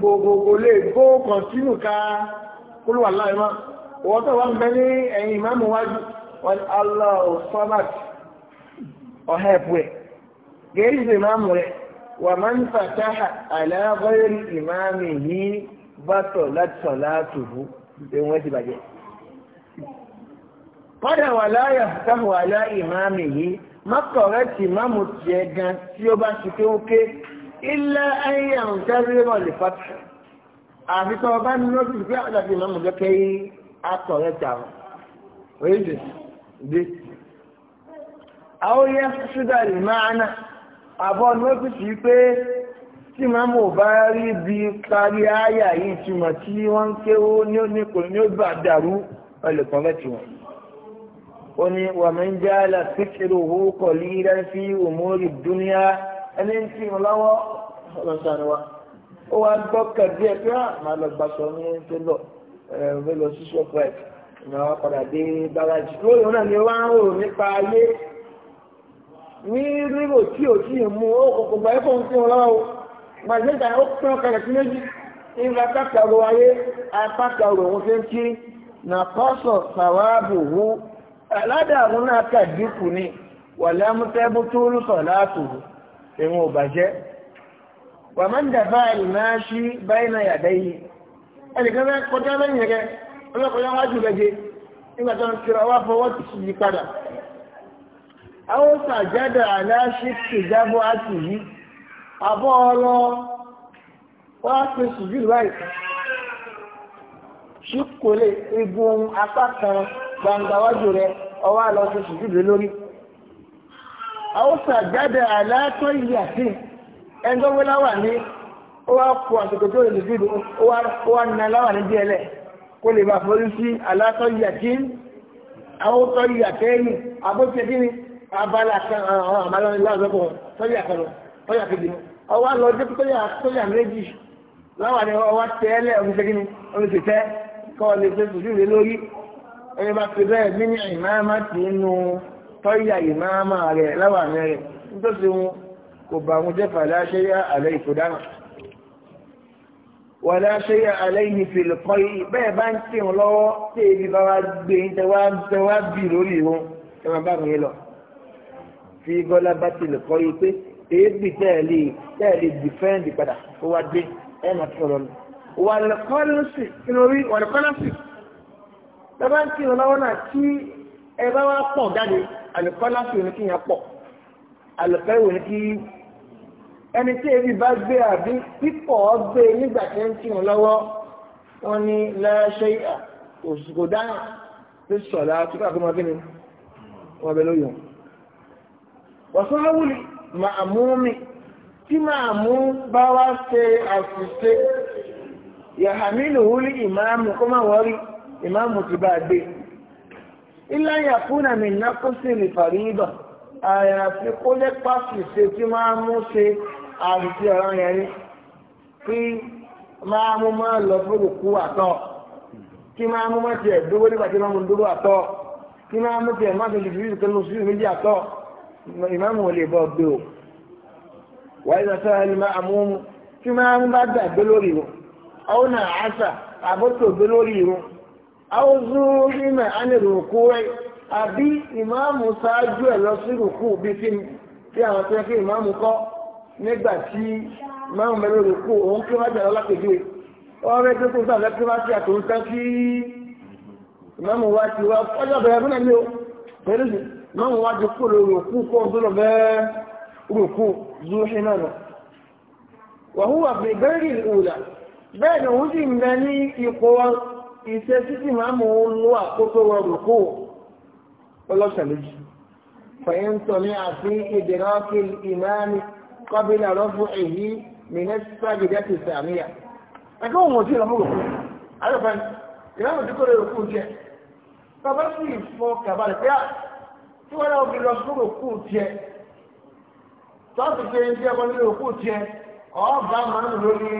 gbogbogbò lè gbó kọ̀ntínù ká kúrò wà láìmá wọ́n tó wá ń bẹ ní ẹ̀yìn ìmáàmù wájú wọn aláwọ̀ sọ́màtì ọ̀hẹ́ ẹ̀pù ẹ̀ gẹ́gẹ́ sí ìmáàmù rẹ̀ wà máa ń fàtàhà àlàáfẹ́rẹ́ ìmáàmù yìí bá tọ̀ láti sọ̀ látòbú ẹ̀wọ̀n ẹ̀ ti bàjẹ́ kọ́dà wà láyà fàtàhà wà ìmáàmù yìí má kọ̀rẹ́tì ìmáàmù tiẹ̀ gan tí ó bá ti pé ilẹ̀ ayé àwọn tẹ́rẹ́mọ̀ lè fàtí àfi tọ́ ọba ní lọ́dún ìgbé àdàbí ìmọ̀ mọ̀jọ́kẹ́ yí atọ̀ rẹ̀ jà wọn òye jù dé. àwọn yẹn ṣúgà lè máa ná àbọ̀ nọ́tìsì pé tí màmú ò bá rí bí parí àyà yìí túmọ̀ tí wọ́n ń kéwó ní oníkò ní ó bá dàrú ọlẹ̀ kan fẹ́ tiwọn. ó ní wàmíńjà làkìtìrò owó kọ̀ọ̀lì rẹ̀ fi òmórì dúníà ẹni tí ń lọ́wọ́ ọlọ́sàn wa ó wá gbọ́kàn díẹ̀ pé à ah, máa lọ gbàṣọ ní tẹ́lọ̀ ẹ̀rọ lọ sí shoprite ìyàwó padà dé báràjì lóyún náà ni wọ́n á rò nípa ayé ní rírò tí ò tí ì mú ó kòkò gbà ẹ́ fóun fún ọ lọ́wọ́ gbàgbéga ó pín ọkàn rẹ̀ sí méjì nígbà pàtàkì ayé apákàrò òun fi ń kí na pọ́sọ̀ sàwáàbù hu aládàáwò náà kà dínkù ni wàlámútẹ́bù tó ń láàtò ìwọ̀n ò bàjẹ́ wà máa ń dàbá ìmáṣí báyìí náà yàdá yìí ẹnìkan fẹ́ kọjá lẹ́yìn rẹ ọlọ́kọjá wájú rẹ jẹ nígbà tó ń kira wá fọwọ́ yí padà àwọn sàjádà aláṣí tìjábọ̀ àti yìí àbọ̀ ọlọ́ wá pé sùjúdù báyìí ṣíkòlè igun apá kan gbangba wájú rẹ ọwọ́ àlọ́ ti sùjúdù lórí àwọn sàjádà aláṣọ ìyàtìn ẹjọ́ wé láwà ní ó wá kó àsìkò tó lè dìbò ó wá nà láwà ní díẹ̀lẹ̀ kó lè bá forí sí alátọ́ yàtí àwòtọ́ yàtẹ́yìn àbóṣe kí ni abala kan àwọn àmàlọ́ ní láwùjọ kan tọ́jà kan ni ọwọ́ lọ dé tọ́jà tọ́jà méjì láwà ní ọwọ́ tẹ́lẹ̀ ọ̀gbìn kí ni ọ̀gbìn tẹ́tẹ́ kọ́ lè ṣe sùsù lé lórí ẹni bá ti bẹ́ẹ̀ mí ní ìmáàmá ti nù tọ́jà ìmáàmá rẹ̀ láwà ní rẹ̀ nítòsí wọn kò bá wọn jẹ́ fàláṣẹ́yà alẹ́ ìkòdára wà láṣẹ́yà alẹ́ yìí fìlì kan yìí bẹ́ẹ̀ bá ń tì wọn lọ́wọ́ tí ebi bá wá gbé tẹwá bì lórí wọn ẹ máa bá mi lọ tí bọ́lá bá ti lè yìí pé èébì tẹ́ẹ̀lì tẹ́ẹ̀lì dìfẹ́ǹdì padà ó wá dé ẹ máa lọ wà lẹ́kọ́lọ́sì inú rí wà lẹ́kọ́lọ́sì bẹ́ẹ̀ bá ń tì wọn lọ́wọ́ náà tí ẹ bá wá pọ̀ jáde àlẹ́kọ́lọ́sì ò ẹni tí ebi bá gbé àbí pípọ̀ gbé nígbà tí ń kírun lọ́wọ́ wọn ní lẹ́ṣẹ́ òṣùkò dáhùn tó sọ̀lá tó kà fún ọmọbìnrin wọn bẹ lóyún. wọ́n wúlì màá mú mi tí màá mú bá wá ṣe àṣìṣe yàhámìlì wúlì ìmáàmù kó má wọ́rí ìmáàmù ti bá gbé. ilá yàkúnà mi nákó sí ìfàrí ibà àyàfi kó lẹ́pàá ṣìṣe tí máa mú ṣe àti ọ̀rọ̀ yẹn ni kí máa mú máa lọ fún òkú àtọ̀ kí máa mú máa tiẹ̀ dúró nígbà tí máa mú dúró àtọ̀ kí máa mú tiẹ̀ máa tó ju fífi kan lọ sí méjì àtọ̀ ìmáàmù ò lè bọ̀ gbé o wàá ìgbà sọ́ra ẹni máa mú mu tí máa mú bá gbàgbé lórí irun àwọn náà àṣà àbótò gbé lórí irun àwọn zúrú mímọ̀ á ní ròkú rẹ̀ àbí ìmáàmù ṣáájú ẹ̀ lọ sí ròkú bí fi àwọn tó yẹ kí ìmáàmù kọ́ nígbà tí máa ń mẹ́rin rẹ̀ kó òun kí wọ́n jẹ́ ọlápẹ̀jẹ́ wọ́n rẹ̀ tó tó sáà lẹ́tí wá sí àtòun tán kí ìmáàmù wá ti wá ọjọ́ bẹ̀rẹ̀ fún ẹ̀mí o pẹ̀lú ìmáàmù wá ti kó lórí òkú kó ń tó lọ bẹ́ẹ̀ rúkú zuhi náà ní ipò iṣẹ́ títí kọ́bílà rọ́bù èyí mínísítà gẹ̀gẹ́ ti sàmìyà ẹgbẹ́ òun òtí ìlàmú òkú àlọ́fẹ́ ìlàmú tí kò lè òkú jẹ bàbá sì fọ kàbàlẹ̀ pé tí wọ́n náà fi lọ sí òkú jẹ tọ́sí pé ń jẹ́ wọlé òkú jẹ ọ̀ọ́bà máa ń lórí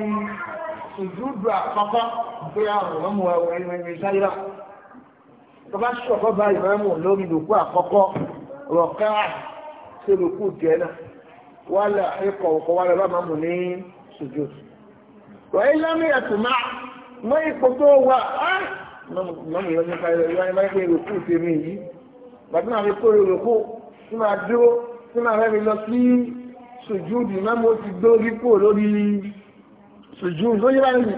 ìdúdú àpapọ̀ pé àwọn ọmọ ẹ̀rọ ìsáyíra bàbá sọ̀kọ́ bá ìmọ̀ lórí òkú àkọ́kọ́ rọ̀kẹ́rà sí òkú jẹ náà wàhálà ikọ̀ ọ̀kọ̀ wàhálà bá máa mú ní ṣùjú. Rọ̀yìn lámì ẹ̀tù máa mọ ipò tó wà á mọ̀mù yọ nípa ẹ̀rọ ìwà ẹ̀rọ ìpè ìròkú tèmi yìí. Bàtí máa fi kórè ìròkú tí máa dúró tí máa fẹ́ mi lọ sí ṣùjú dì máa mo ti dórí kúrò lórí ṣùjú tó yẹ bá nìyí.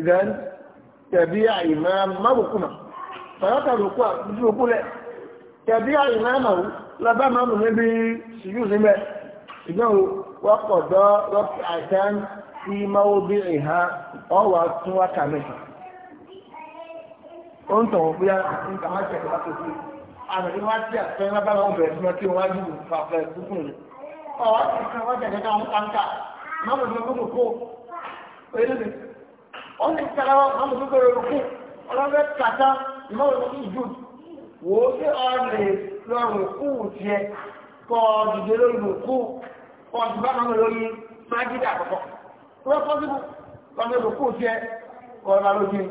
Ìdán tẹ̀bí àìmọ́ mábùkù mà. Bàtà ròkú àti ìròkú lẹ̀ tẹ̀bí àìmọ́ àmàwù lábá máa mú níbi ṣùjú níbẹ̀. ṣùgbọ́n wọ́pọ̀dọ́ rọ́pì àtàn sí mọ́wóbìnrin ha ọwọ́ tún wákà mẹ́ta. ó ń tọ̀wọ̀ bóyá nígbà wọ́n ṣẹ̀dá wá tó sí àmì wá sí àtẹ́wọ́n bá wọn wọn ti bá lọ́nà lórí májídà àkọ́kọ́ tó bá fọ́ síbù lọ́nà lórí kó jẹ́ ọ̀nà lójú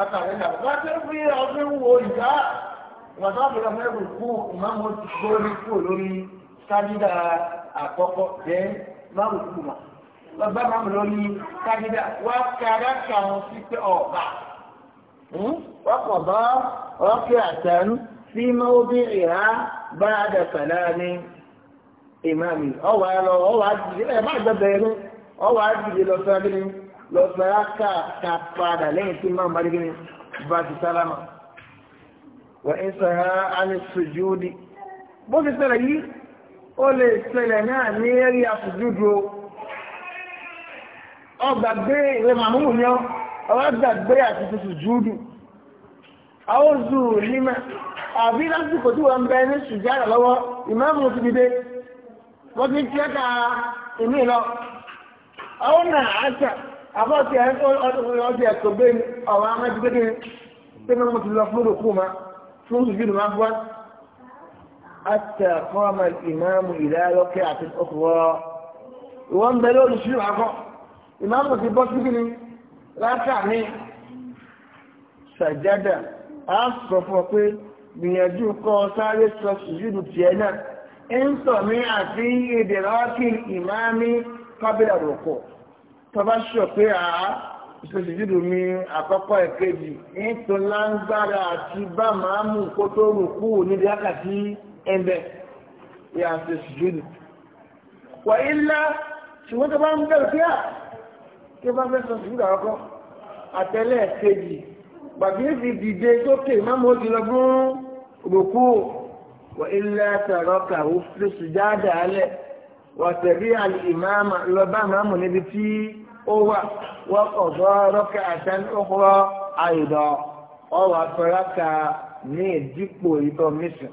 àtàwọn ìlànà wọn ti fi ọdún wo ìdá ìwàdàn àbúrò mẹ́rin kú ìmáàmù ti gbórí kú lórí májídà àkọ́kọ́ jẹ́ máàmù kú mà lọ́gbà máàmù lórí májídà wá kára kàwọn sí pé ọ̀bà wọ́n kọ̀ bá ọ̀kẹ́ àtẹnu sí mọ́wó bí ìhá bá a dẹ̀ imami ọwọ́ ẹ̀rọ ọwọ́ àdìdì ẹ̀ má gbẹ̀bẹ̀ ẹ̀rọ ọwọ́ àdìdì lọ fẹ́ bí ni lọ padà lẹ́yìn tí máa bá dígbìn bá ti sálámà wà ń sọ̀rọ̀ àmì sùjúdì bó ti ṣẹlẹ̀ yìí ó lè náà ní ìwé ọ ọgbàgbé àti ti sùjúdù àwọn zùú nímà àbí lásìkò tí bẹ ní wọ́n ti ń tiẹ́ ta ìmí lọ. àwọn náà àṣà àbọ̀tì ọdún ẹ̀tọ́ gbé ọ̀rọ̀ amájúgbédé pé mọ́ ti lọ fún òkú ma fún ìjúlù máa gbọ́. àṣà fún ọmọ ìmáàmù ìlàlọ́kẹ́ àti ọkùnrọ̀ ìwọ́n bẹ lórí ṣílù àkọ́ ìmáàmù ti bọ́ síbí ni látà ní sàjádà á sọ fún ọ pé gbìyànjú kọ́ sáré sọ ìjúlù tiẹ̀ náà ń sọ mí àti ìdèrọ́kì ìmáàmí kọ́bílà rọ̀kọ̀ tó bá ṣọ pé à ìṣòṣìṣìdù mi àkọ́kọ́ ẹ̀kejì nítorí láńgbára àti bá màámù kó tó rù kú níbi wákàtí ẹ̀bẹ̀ ìyá ìṣòṣìṣìdù. wà á ilá ṣùgbọ́n tó bá ń bẹ̀rù pé à kí bá fẹ́ sọ ṣùgbọ́n àkọ́kọ́ àtẹ́lẹ̀ ẹ̀kejì gbàgbé fi dìde sókè máàmù ó ti lọ fún rùkú. وإلا تركه في السجادة عليه وتبيع الإمام لبما منبتي هو وقضى ركعة أخرى أيضا أو فركع من ديكو يتوميشن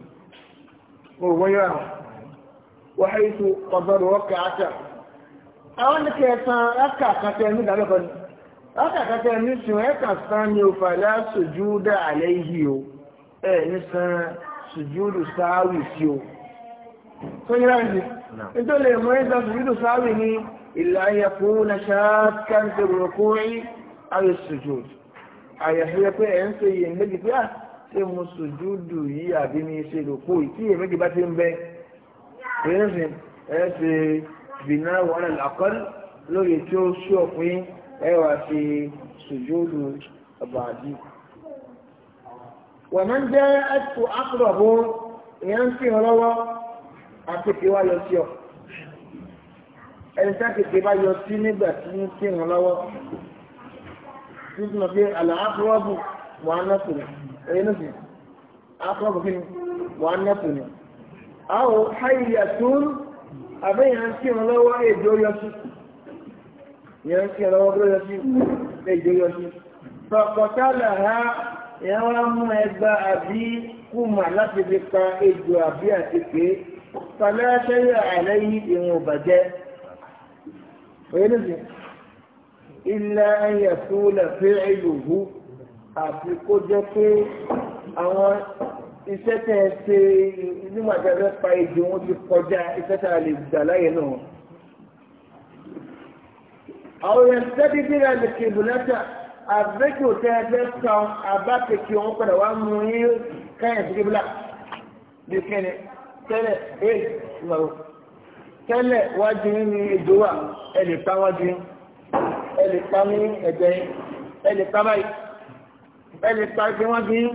وحيث قضى ركعة أولا كيسان ركعة كتير من ركعة كتير من سنة كتير من فلا سجود عليه ẹ̀ ní sùjúdù sáàwì sí o tó yíra ẹ̀sìn nítorí lè mọ́ ìta sùjúdù sáàwì ní ìlà ayẹ̀kú na ṣáàkà ń tẹ̀rù rọ̀kúnrin ayẹ̀ sùjúdù ayẹ̀fẹ́ pé ẹ̀ ń ṣe yìí méjì pé à ah, ṣe mo sùjúdù yìí àbí ní ṣe lòkó ìtí yìí méjì bá ti ń bẹ ẹ̀sìn ẹ̀ ṣe bìnà wọn àkọ́l lórí tí ó ṣú ọ̀pin ẹ̀ wá ṣe sùjúdù ọ̀bàdì wọ̀nán jẹ́ ẹ̀tù àkùrọ̀ bó ìyẹn ń fihàn lọ́wọ́ àtẹ̀kẹ́ wa yọ sí ọ ẹni tí àtẹ̀kẹ́ bá yọ sí nígbà tí ń fihàn lọ́wọ́ títí mọ̀ pé àlàáfíà bù wà á nọ́ọ̀tù ni ẹ̀yẹ́ nọ́ọ̀tù ni àkùrọ̀ kí ni wà á nọ́ọ̀tù ni àwọn háyì àtún àbẹ́yẹn ń fihàn lọ́wọ́ èdè yọ sí ìyẹn ń fihàn lọ́wọ́ èdè ó yọ sí. فقتلها ìyẹn wá mú ẹgbà àbí kùmà láti fi pa ejò àbí àtìpé pàlẹ́ ṣẹ́yà àlẹ́yìn ìwọ̀n òbàjẹ́ orílẹ̀ ilẹ̀ ẹ̀yẹ̀ tó lè fi ìlúhu àti kó jẹ́ pé àwọn iṣẹ́ tẹ̀ ẹ ṣe nígbà tí a fẹ́ pa ejò wọn ti kọjá iṣẹ́ tẹ̀ a lè gbà láyé náà. àwọn yẹn tẹ́tí bí ra lè kébù lẹ́tà àbẹ́kìó tẹ́ ẹgbẹ́ kan àbákẹ́kì ọ̀hún padà wá mú yín káyà sí kébìlà bí kẹ́ni tẹ́lẹ̀ ee ìmọ̀ràn tẹ́lẹ̀ wájú yín ni èdè wà ẹ lè pa wájú yín ẹ lè pa ní ẹ̀jẹ̀ yín ẹ lè pa báyìí ẹ lè pa ẹgbẹ́ wájú yín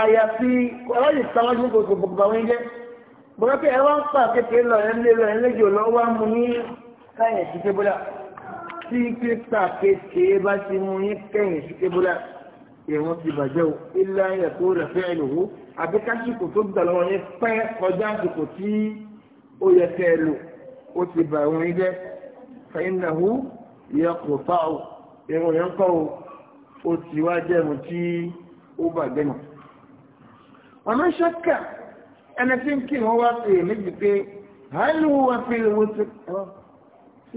àyàfi ọ̀rọ̀ lè pa wájú yín gbogbo gbogbo àwọn yín jẹ́ bọ́lá pé ẹ wá ń pa kékeré lọ ẹ ń lé lọ ẹ ń lé jù lọ wá mú yín káyà sí tí kírísítà kékeré bá ti mú yín kẹ́yìn sí kébúlà ìrún ti bàjẹ́ o ilé ayé tó rẹ̀ fẹ́ lòwó àbí kásìkò tó gbà lọ́wọ́ yín pẹ́ kọjá àsìkò tí ó yẹ kẹ́ ẹ lò ó ti bà ìrún yín jẹ́ fẹ́yìnàhù yẹ kò fà o ìrún yẹn kọ́ o ó ti wá jẹ́ ìrún tí ó bàjẹ́ nù. wọn máa ń ṣọ́kà ẹni tí ń kí wọn wá pè é méjì pé hàlùwà fi lè wọ́n ti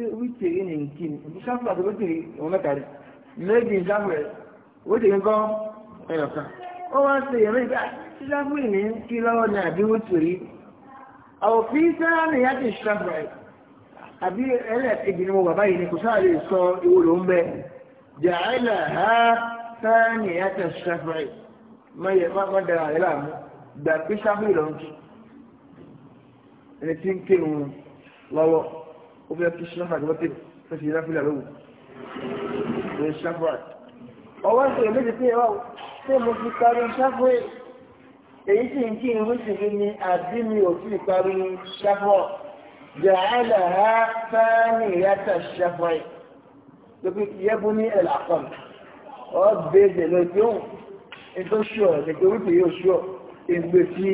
wítìrì ní nkí ni òtún ṣáfù àti wítìrì òun ndị rẹ̀ méjì ń ṣáfù rẹ̀ wítìrì ń kọ́ ẹ̀yọ̀kan ó wá ṣe ìyẹn méjì tí ṣáfù ní kí lọ́wọ́ àbí àwòfí yá ti àbí ni mo bàbá yìí ni kò sáà lè sọ ìwò ló ń bẹ ha yá ti má gbà pé ẹni tí ń ó fẹ́ kí ṣáfà tó tẹ̀ fẹ́ ṣe ráfílà lówù ní ṣáfà ọwọ́ ń pè méjì pé ẹwà tí mo fi parí ṣáfà èyí sì ń kí irú sì fi ni àbí mi ò fi parí ṣáfà jàálà ha fáánì yàtà ṣáfà yìí lókè yẹ́bù ní ẹ̀là kan ọ́ bẹ́ẹ̀ lọ́jọ́ ètò ṣọ́ ẹ̀kẹ́ wípé yóò ṣọ́ ìgbésí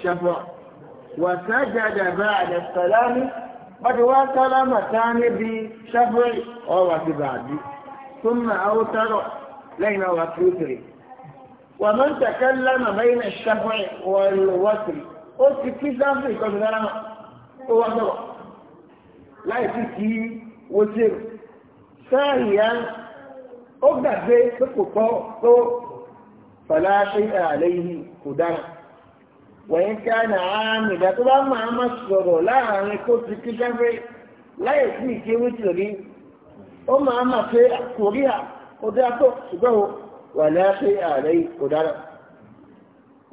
ṣáfà wàtá jáde bá bàtí wá sálámà tá níbi ṣáfẹ́rì ọwà ti bàbí tó ń na àwọn tárọ̀ lẹ́yìn náà wà tó tèrè wà máa ń tẹ̀kẹ́ lánà lẹ́yìn náà ṣáfẹ́rì wà tèrè ó ti kí sáfẹ́rì kọ́ sálámà ó wá sọ̀rọ̀ láì sí kí wọ́n tèrè sáàrì yá ó gbàgbé pé kò tọ́ tó fàlàṣẹ́ àlẹ́ yìí kò dára. wẹ̀yìn ká a na tó bá máa má sọ̀rọ̀ láàrin kó ti kí sáfẹ́ láyé sí ìkéwé tí rí ó máa má pé kòríà ó dá tó ṣùgbọ́n wà láàpẹ́ ààrẹ kò dára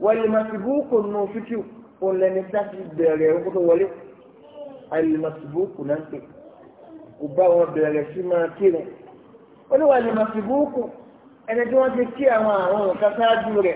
wọlé màsìbúùkù nù fíkì òun lẹni sáfì bẹ̀rẹ̀ ẹ̀rọ tó wọlé àlè màsìbúùkù náà pè kò bá wọn bẹ̀rẹ̀ sí máa kírun ó ní wà lè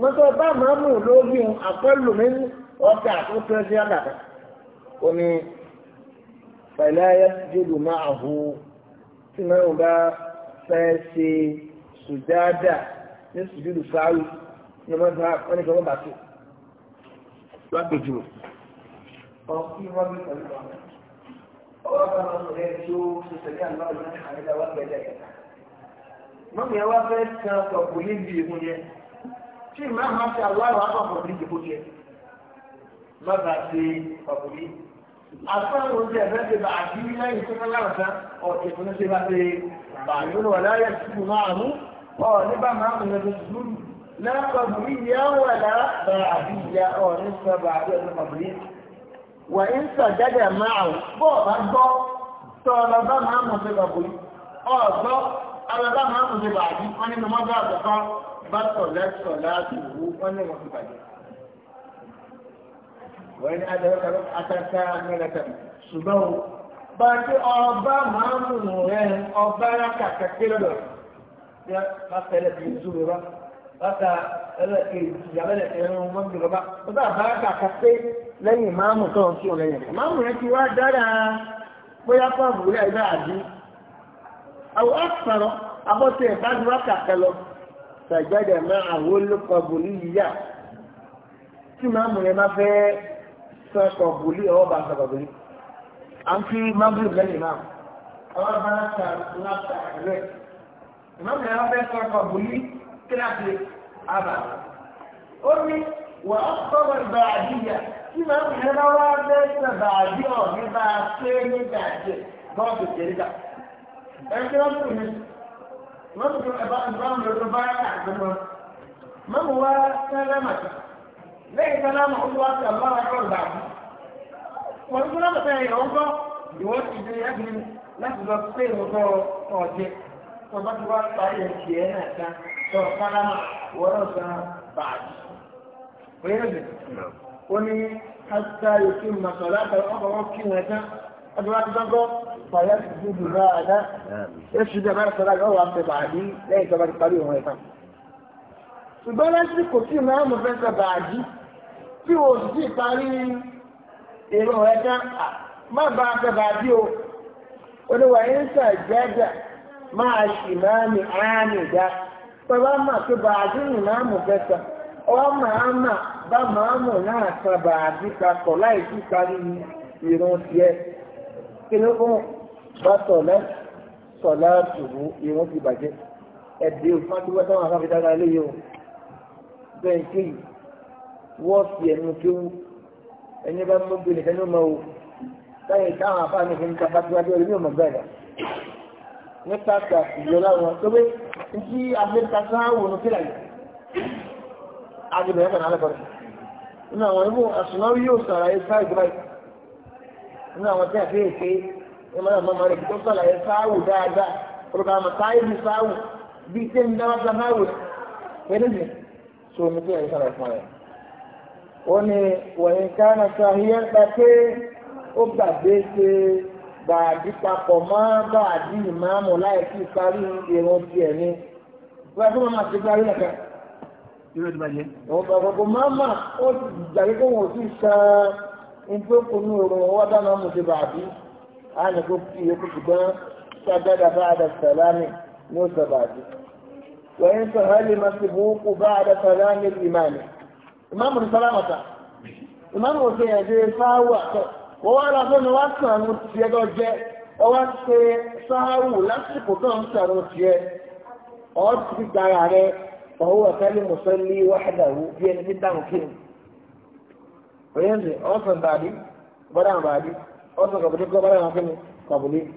mọ́tò bá máa mú lórí àpẹ́lù mi ọjà tó tẹ́ sí àdàkà ó ní pẹ̀lẹ́ ayẹ́sìdìlù máa hù tí mẹ́rin bá fẹ́ ṣe sùjádà ní sùjúdù sáárù ní wọ́n bá wọ́n ní kí bá tó lápèjù ọ̀kí wọ́n bí pẹ̀lú ọ̀rọ̀ kan lọ sọ̀rọ̀ ẹ̀ tó ṣe sẹ̀kẹ́ àná ọ̀dọ́ àrídà wá pẹ̀lẹ́ mọ́mí ẹ wá fẹ́ kan ọ̀pọ̀ níbi ìhun tí ìmọ̀ àwọn àti àwọn àwọn àpapọ̀ ní ìdìbò jẹ lọ́dà sí ọ̀pọ̀lì. àtúntò oúnjẹ ẹ̀fẹ́ ti bà àti lẹ́yìn tó lọ́la ọ̀sán ọ̀tẹ̀ tó ní ṣe bá ti bà nínú ọ̀láyà tí mo máa mú ọ̀ nígbà máa mú ẹni tó lù lẹ́kọ̀ọ́ bí ìyá wà lá bà àbí ìyá ọ̀ ní sọ bà àbí ọ̀sán ọ̀pọ̀lì. wà ń sọ jáde máa bọ̀ bá gbọ́ tọ́ ọ bá máa mú ọ̀sán ọ̀pọ̀lì ọ̀gbọ́ ọ bá sọ̀lẹ́sọ̀ láti wú wọ́n ní wọ́n ti bàjẹ́. wọ́n ní adájọ́ kan ataka mẹ́lẹ́tẹ̀ ṣùgbọ́n o bá tí ọba máa ń mú rẹ̀ ọba rákà kẹ́kẹ́ lọ́dọ̀ yẹ bá fẹ́lẹ̀ bí zu rẹ̀ bá bàtà ẹlẹ́kẹ̀ ìyàbẹ̀lẹ̀ ẹ̀rọ wọn bí rọ̀bá bàtà bá rákà kẹ́kẹ́ lẹ́yìn máàmù tó ń fi ọ̀rẹ́ yẹn máàmù rẹ̀ ti wá dára bóyá fún àbúrò ẹ̀ náà àdí àwọn ọ̀sán abọ́tẹ̀ ìbájú rákà kẹ́ lọ sàjáde máa àwòlùkọ bòlí yíyá tí màmú yẹn máa fẹ́ sọ̀kọ̀ bòlí ọwọ́ bá sọ̀kọ̀ bòlí à ń fi mábùlù lẹ́yìn náà ọwọ́ bá ta láta rẹ̀ màmú yẹn máa fẹ́ sọ̀kọ̀ bòlí kíláàsì àbà ó ní wà á sọ̀rọ̀ ìgbà àdìyà tí màmú yẹn máa wá fẹ́ sọ̀kọ̀ àdìyà nígbà pé nígbà jẹ bọ́ọ̀dù jẹ̀ríkà ẹ̀ kí wọ́n fún mi mọ́mú ẹ̀bá ìbámu lọ́dún bá àgbẹ̀mọ́ mọ́mú wá sálámà lẹ́yìn sálámà ó wá sí àbá àgbọ̀ ìdààmú wọ́n tún lábàtà ẹ̀yọ̀ ń gbọ́ ìwọ́n ti di ẹ̀gbìn láti lọ pé ìwọ́gbọ́ ọ̀jẹ̀ tó bá ti wá parí ẹ̀kì ẹ̀ náà ká tó sálámà wọ́n náà sá bàájì. Oyè rẹ̀ ó ní ká sáré kí màtọ̀ látọ̀ ọkọ̀ wọn kí wọn tán ọdún wa ti dọ́gọ́ فيسجد بعد يسجد بعد صلاة الأول عن بعدي ليس بعد الطريق هو يفهم ṣùgbọ́n lásìkò tí màá mú fẹsẹ̀ bàájí tí o sì parí èrò ẹ̀ka má ba fẹ́ bàájí o oníwà ẹ̀ńsà ìjájà máa ṣì máa mi ààmì ìdá pẹ̀lú àmà pé bàájí ni màá mú fẹsẹ̀ ọwọ́ màá mà bá màá mú náà san bàájí papọ̀ láì sí parí ìrùn tiẹ̀ kí ló fún bá sọ̀lá sọ̀lá tùbú irun ti bàjẹ́ ẹ̀dì òfàdúgbà táwọn afáfi dára léyìí o bẹ́ẹ̀ kí wọ́n fi ẹnu kéwú ẹni bá mú gbé nìkan ní ọmọ o táyà táwọn afáfi fi ń ta fàdúgbà tó ẹni ọmọ gbà yà ní pàtó àtijọ́ láwọn tó pé ní abẹ́ta sáwọ́ ní kílà yìí agbègbè ẹ̀kọ́ náà lẹ́kọ̀ọ́ nínú àwọn ẹ̀mú àsùnmáwí yóò sàrà ẹ̀ sáà ìgbà yìí nínú àwọn tí a fi èké ìmọ̀ àmọ́ màrí kí tó sàlàyé sáwù dáadáa olùkọ́ àmọ́ sáyẹ́bù sáwù bíi tí ń dáwọ́ sáwù pẹ̀lú mi so mi tó yẹ sọ̀rọ̀ fún ẹ̀. ó ní wọ̀nyí káná sọ ayé ń pa pé ó gbàgbé ṣe bàdí papọ̀ mọ́ bàdí ìmáàmù láì sí parí tiẹ̀ ni wọ́n fún màmá ti parí nìkan. Ìrò ìdìbàjẹ́. Òun bàbá kò máa mà ó gbàgbé kó wọn ò sì san ní ana gubti ya kuka don sadada ba da salami nusa ba ji hali masu buku ba da salami imani imamu salamata imamu wasu yanzu ya sawa wọ́n wá lọ fún wa na án ti ẹ lọ jẹ ọ wá ṣe lásìkò tó ń sàn án ọ ti rẹ ẹni dáhùn kí ń sè ọ sàn bọ́dà أصلا قبلي قبلي عقلي قبلي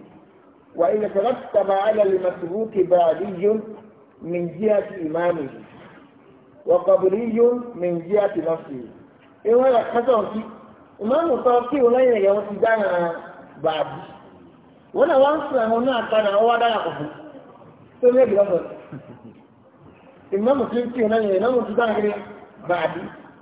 وإن ترتب على المسبوق بعدي من جهة إمامه وقبلي من جهة نفسه إيه هذا خسر في إمام صافي ولا يوم تدانا بعدي ولا وانسى هنا كان هو دانا قبل سمي بلغة إمام صافي ولا يوم تدانا بعدي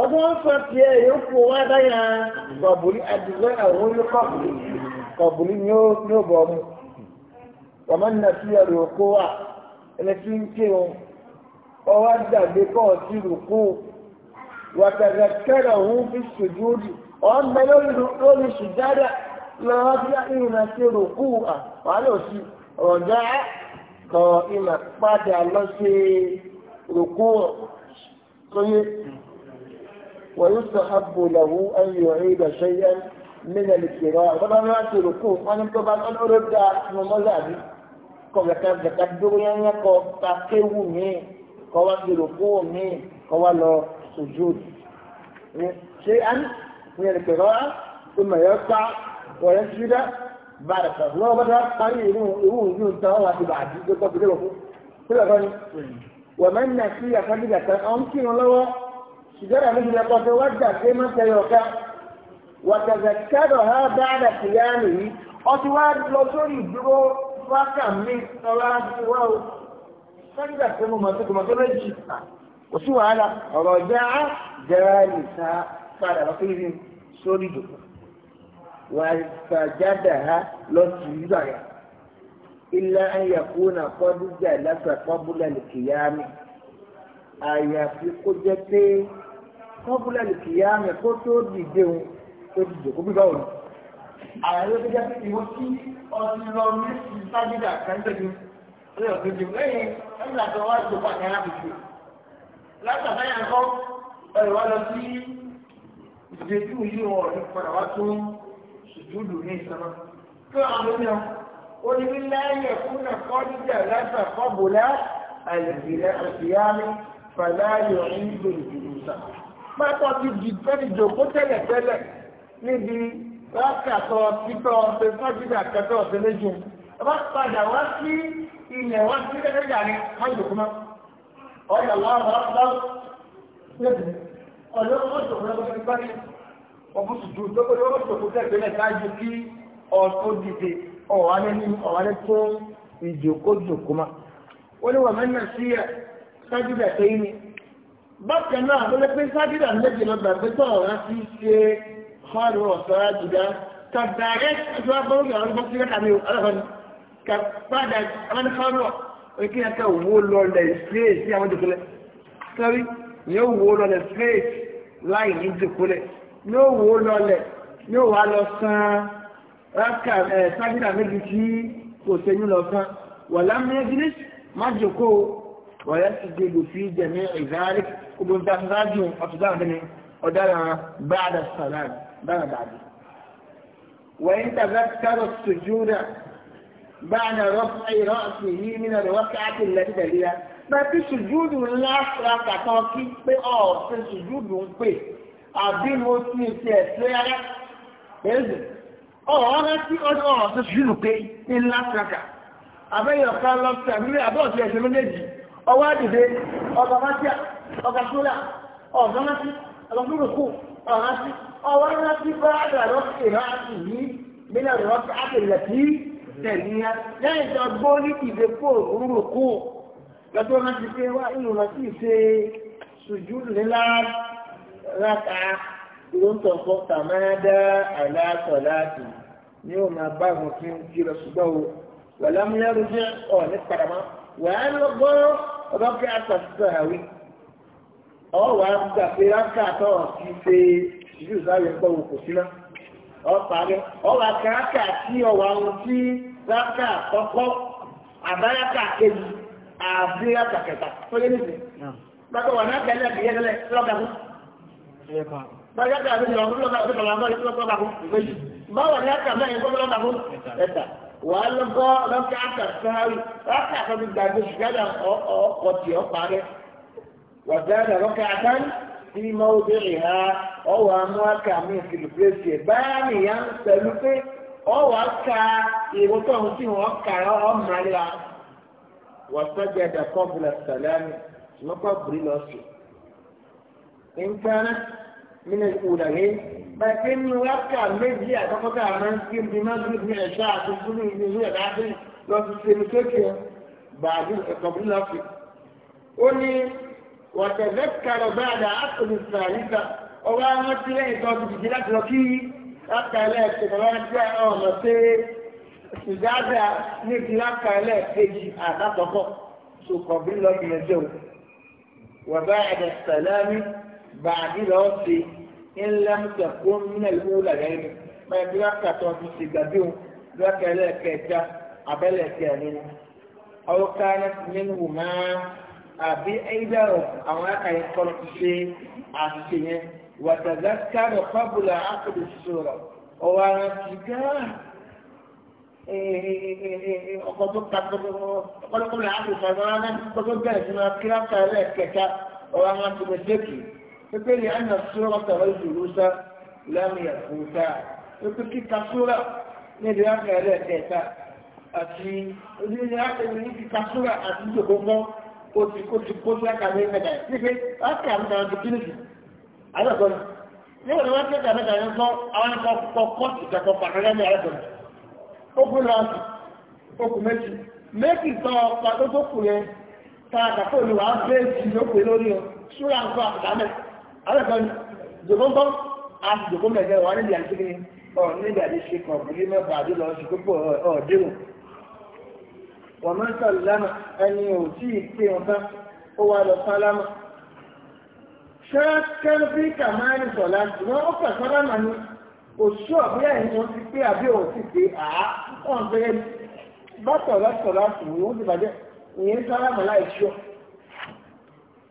ọdún wọn fẹ́ fi ẹ̀ yóò fún wọn adáyà kọ̀bùrí àdìgbẹ́ àwọn olùkọ́ kọ̀bùrí ní ó bọ̀ mu wọ́n máa ń nà sí ẹ̀rù òkú wa ẹni tí ń kírun ọwọ́ àdàgbé sí wàtàgà òun fi sùjúdì ọ̀n bẹ lórí sùjádà lọ́wọ́ bí irun náà sí rùkú wa wàá lò sí ọ̀dà kọ̀ ìmọ̀ padà lọ sí ọ̀ ويستحب له أن يعيد شيئا من الابتغاء طبعا ما تركوه وانا طبعا انا ارجع من مذهبي kọ̀wé kan zẹ̀ka dúró yẹn yẹn kọ ka kéwù mí kọ́ wa gbèrò kó mí kọ́ wa lọ sojú ṣé án ní ẹ̀rẹ̀ kẹ̀rọ á tó mọ̀ yẹn pa wọ̀ yẹn sí dá bàrẹ̀ kan lọ́wọ́ bá dá parí irú irú irú tán wà ti bà á di gbẹ́gbẹ́ gbẹ́gbẹ́ fún kí lọ́kọ́ ni wọ̀ mẹ́rin náà sí àkàndínlẹ̀ kan ọ̀hún kírun lọ́wọ́ ṣùgbọ́n àmì ìjìnlẹ̀ kan tó wá gbà pé má tẹ̀lé ọ̀ká wàtẹ̀sẹ̀ kẹ́dọ̀ ha dáadáa sí yá nìyí ọtí wá lọ sórí ìdúró wákà mí ọlá ti wá o sẹ́ńdà pé mo mọ̀ sí kòmọ̀tò méjì kò sí wàhálà ọ̀rọ̀ jẹ́ á jẹ́ra lè ta padà lọ sí ibi sórí ìdòkó wà fàjádà ha lọ sí ìgbà yẹn ilé ayé kó nà kọ́ dídà lásàkọ́ búlẹ̀ lè kìyà mi àyàfi kó jẹ́ pé kọ́bùlẹ̀ ìkìyà mi kó tó dìde òun tó dìde kó bíbá òun. ààrẹ ló jẹ́ pé ìwọ tí ọdún lọ ní ìbájídà kẹ́ńtẹ́jú lè ọ̀dọ́ jù lẹ́yìn ẹ̀yìn àti ọwọ́ àti òpá kan láti ṣe. látàtà yẹn kọ́ ọ̀rẹ́ wa lọ sí ìdíje tí òun yí wọn ọ̀rẹ́ padà wá tó ṣùjúdù ní ìsọ́nà. kí wọ́n àwọn ènìyàn ó ní bí lẹ́yìn ẹ̀kúnnà kọ́ dídà lásà kọ́bùlẹ̀ àìlèkìyà mi fàlàyé ọ̀rẹ́ pẹ́pọ̀ ti di pẹ́ni jòkó tẹ́lẹ̀tẹ́lẹ̀ níbi rákàtọ̀ títọ́ ọ̀sẹ̀ fájìlì àkẹ́tọ̀ ọ̀sẹ̀ méjì wá padà wá sí ilẹ̀ wá sí kẹ́kẹ́jà ni wọ́n jòkó mọ́ ọ̀yà lọ́wọ́ lọ́wọ́ lẹ́bìí ọ̀lọ́wọ́ jòkó lọ́wọ́ ti pẹ́ni ọ̀bùsùdù lọ́wọ́ jòkó tẹ́lẹ̀ ṣáájú kí ọ̀tún dìde ọ̀wálẹ́ tó ìjòkó jòkó mọ́ ó ní wà mẹ́rin náà sí sájú bẹ̀ẹ́ bákan náà ló lẹ́pẹ́ sájúdà méjì lọ gbàgbé tọ́rọ láti ṣe ọrọ̀ ọ̀sọ́rá jùlá kàdàrẹ́ ṣọ́rọ̀ bọ́ọ̀lù àwọn ọmọ sí rẹ́kàmí ọlọ́run kàpadà àwọn ọrọ̀ òkè ẹ̀ka òwò lọlẹ̀ space sí ni ó wò lọlẹ̀ space láì ni ó wò ni ó wà lọ san rákà sájúdà méjì tí kò sẹ́yìn lọ san wà lámúyẹ́gírí ويسجد في جميع ذلك كل ذنبهم أصدار منه ودار بعد الصلاة بعد بعد وإن تذكر السجود بعد رفع رأسه من الركعة التي تليها ما في سجود لا ركعة توكي في أو في سجود في أبين وسمي سيسيرا إذن أو أنا في أو أو سجود في إلا ركعة أبين يقال لك أبين أبين أبين أبين ọwọ́ àdìdé ọba bàtíà ọba sólà ọ̀gá rántí ọlọ́dúnrùkù ọ̀rántí ọwọ́ rántí bá àdàrọ́ ìrántí yìí nínú ọ̀rọ̀ àtẹ̀lẹ̀ tí tẹ̀lé lẹ́yìn tó gbó ní ìdẹ́kọ̀ òrùrùkù lọ́dún rántí pé wá inú rántí ṣe sùjú nílá ráta ìrúntọ̀ fọ́ tàmádá àlásọ̀láàtì ni ó máa bá àwọn kí n kí lọ ṣùgbọ́n o wà lámúyárú jẹ́ ọ̀ ní padà wà á lọ gbọ́rọ́ ọlọ́kẹ́ àtàtúntà àwí ọwọ́ wà á gbà pé ráńkà àtọ́wọ̀ ti ṣe ìlú sáré pọ̀ òkò síná ọ̀pàdé ọwọ́ àkàrákà tí ọwọ́ àwọn tí ráńkà àkọ́kọ́ àbáyákà kejì àbí ráńkà kẹta tó yé nìsín. bàtà wà náà kẹlẹ́ kìí yẹlẹ lọ́kà fún. bàtà kà àbí lọ́kà fún lọ́kà fún lọ́kà fún lọ́kà fún báwọn ní àkàmẹ́yìn kọ́ wà lọ́gọ́ lọ́kẹ́ àtàkùnrin lọ́kẹ́ àtàkùnrin gbàgbé ṣùgbọ́n ọkọ̀ tì ọ́ parẹ́ wà dáadáa lọ́kẹ́ tí mọ́ obìnrin ha ọwọ́ amú aka mi báyà pẹ̀lú pé ọwọ́ aka ìwọ tó ń tì kà ọ́ màlá wà sọ́jà dàkọ́ sàlámì lọ́kọ́ bùrí lọ́sùn. nǹkan mìíràn bẹ̀kí ní rákà méjì àkọ́kọ́tà àmọ́ kí ní mọ́sílù ní ẹ̀ṣọ́ àti fúnú ìlú ìlú ẹ̀dá sí lọ sí ṣe ní sókè bàbí ẹ̀kọ̀bí lọ́fì. ó ní wọ̀tẹ̀fẹ́ kàrọ̀ báyàdà ákùnrin sàríta ọwọ́ àwọn tí lẹ́yìn tó ti dìde láti lọ kí rákà ẹlẹ́ẹ̀kẹ́ bàbá tí àwọn ọ̀nà ṣe ìdájà níbi rákà ẹlẹ́ẹ̀kejì àdàkọ́kọ́ sókọ̀bí lọ́gbìn ńlá mùsà kó nínú ìlú wúlò àyà yìí mẹ bíráka tó ti ṣe gbàgbé o bíráka ẹlẹ́ẹ̀kẹta abẹ́lẹ̀kẹ nínú ọlọ́ka na wò máa àbí ẹ̀yìnlá àwọn akàyè kọ́lọ́ ti ṣe àṣìṣe yẹn wàtàgà kárọ̀ fábùlà ákòdù sọ̀rọ̀ ọ̀wọ́ ara ti gáà ọkọ̀ tó ta sọ̀rọ̀ ara ti pépé ni a nà sọ́rọ̀ tàwọn ìdúró sá lámìyà fún sá pépé kíka sọ́rọ̀ níbi láti ẹ̀rẹ́ ẹ̀kẹta àti onílé àtẹ̀wé ní kíka sọ́rọ̀ àti ìdòkókó ó ti kó ti kó sí àkàwé mẹ́ta yìí pépé láti àmì náà ti kílìkì àlọ́gbọ́n ní wọ́n wá kẹ́kẹ́ mẹ́ta yẹn sọ àwọn ẹ̀kọ́ kọ́kọ́ ìjàkọ́ pàtàkì ní àlọ́gbọ́n ó kú lọ́ọ̀sì ó kú méjì méjì sọ pàtó tó kù yẹn tá a kàfọ́ olùwà bẹ́ẹ̀ jù lókè lórí ọ alẹ́kan jòkó ńkọ́ a sì jòkó mẹ́jẹ wà níbi àti kíni ọ níbi àti ṣe kàn bí mẹ́fà àti lọ sí pípọ̀ ọ dérò wọ́n máa ń sọ̀rọ̀ lánà ẹni ò tí ì pé wọn tán ó wá lọ sálámà ṣáàkẹ́ bí kàmáàlì sọ̀lá ṣùgbọ́n ó kà sálámà ni kò sí ọ̀bíyà yìí wọ́n ti pé àbí òun ti pé àá wọ́n fẹ́ bá sọ̀rọ̀ sọ̀rọ̀ àṣùwọ̀n ó ti bàjẹ́ ìyẹn sálámà láì ṣọ́.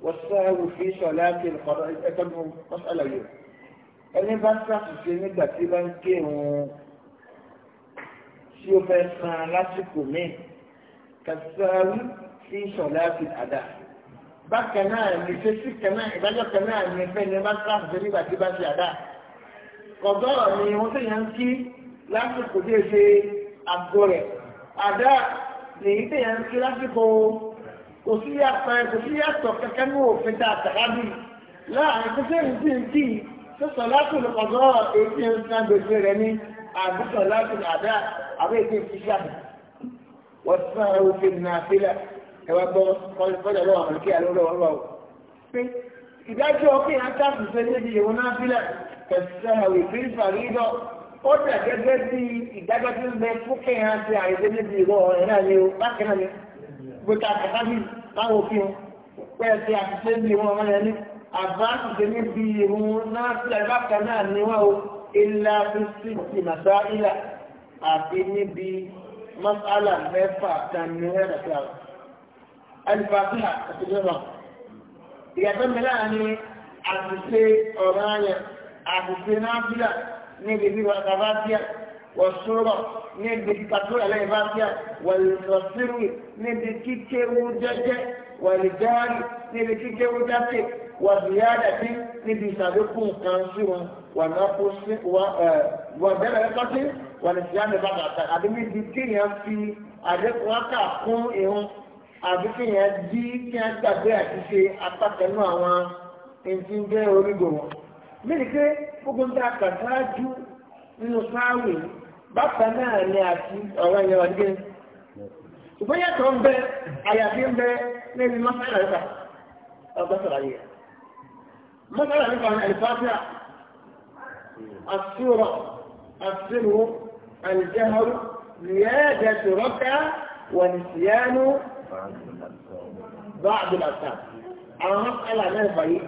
والسهو في صلاة القضاء أتبعوا مسألة يوم ẹni bá ṣàtúnṣe nígbà tí bá ń kírun tí ó fẹ́ san lásìkò míì kàtàrí sí ìṣọ̀lá àti àdá bákan náà ní ṣe sí kanáà ìdájọ́ kanáà ní ẹgbẹ́ ni bá ṣàtúnṣe nígbà tí bá ṣe àdá kọ̀dọ́ ni wọ́n sì yàn kí lásìkò tí ó ṣe àgọ́ rẹ̀ àdá nìyí tí yàn kí lásìkò وفي أخطاء وفي أخطاء كان هو في الدعاء تحدي لا يقصر في الدين في صلاة القضاء يقصر الإسلام بالجرمي عبد صلاة الأعداء عبيت في الشهر وصاروا في النافلة كما قال قال الله ملكي على الله والله إذا جوكي أنت في سنيدي ونافلة فالسهوي في الفريضة قلت لك يا جدي إذا جدي المفوكي أنت عايزين يبقى هنا لي وباك هنا لي gbẹ̀ta kàtàbí láwọn òfin pẹ́ẹ̀tì àṣìṣe bí wọn wọ́n yẹn ní àbáǹtì ṣe ní bí irun náà sí àbákan náà ní wọn o ilá fífi ti màtá ilà àti níbi masala mẹ́fà kan ní wọn yàtọ̀ àwọn. alifatiha àti jọba ìyàtọ̀ mi láàrin àṣìṣe ọ̀rọ̀ ayẹ àṣìṣe náà bílà níbi bí wọn kàbá bíà wọ̀súrọ̀ níbi kàtúrà lẹ́yìn bá fíà wọ̀lùsọ̀sírù níbi kíkéwu jẹ́jẹ́ wọ̀lùjáàrì níbi kíkéwu jáde wọ̀bìyàdàbí níbi ìsàlékún kan sí wọn wọ̀bẹ̀rẹ̀ kọ́sí wọ̀lùsíàmì bàbàtà àbí níbi kéèyàn fi àdékùn áká kún ìhun àbí kéèyàn dí kéèyàn gbàgbé àti ṣe apákanú àwọn ẹ̀ńtí jẹ́ orígbò wọn. mí ni kàtàájú nínú sáàwì yìí bákan náà ni àti ọ̀rọ̀ ìyẹn wà nígbẹ́ ṣùgbọ́n yàtọ̀ ń bẹ àyàfi ń bẹ níbi mọ́sálà nípa ọgbọ́sọ̀rọ̀ yìí mọ́sálà nípa àlùfáàfíà àṣírọ̀ àṣírò àlùjẹ́họ́rù زيادة ركعة ونسيان بعض الأسباب àwọn mọ́sálà mẹ́fà yìí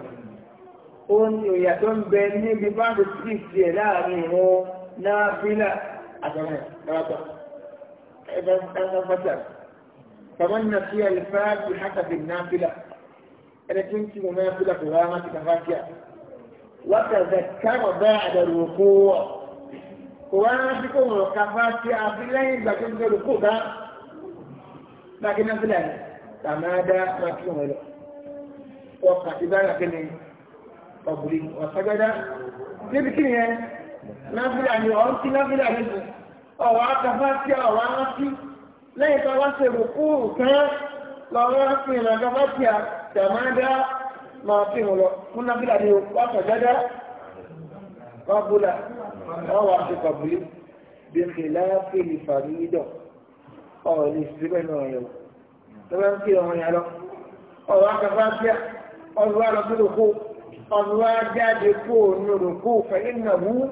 ó ní ìyàtọ̀ ń bẹ níbi bá ti ti tiẹ̀ láàrin ìrún náà bílà أثرها رابع إذا فتر فمن نسي الفات بحسب النافلة أنا كنت منافلة قرامة كفاكية وتذكر بعد الوقوع قرامة بكم كفاكية في الله إذا كنت الوقوع لكن نافلة تمادى ما كنت له وقت ذلك قبلي وسجد ذكر يعني na ni ọ̀ ń tí nábìlà ni bò ọ̀wọ́ akọ̀fà tí ọ̀wọ́ aláfí lẹ́yìn tó wá ṣe rùkú kan lọ́wọ́ fi ìrìnàjò bá ti àtẹ̀mọ́dá máa fi hàn lọ fún nábìlà ni wákọ̀ dáadáa bí kìlá náà ọmọ yẹn lọ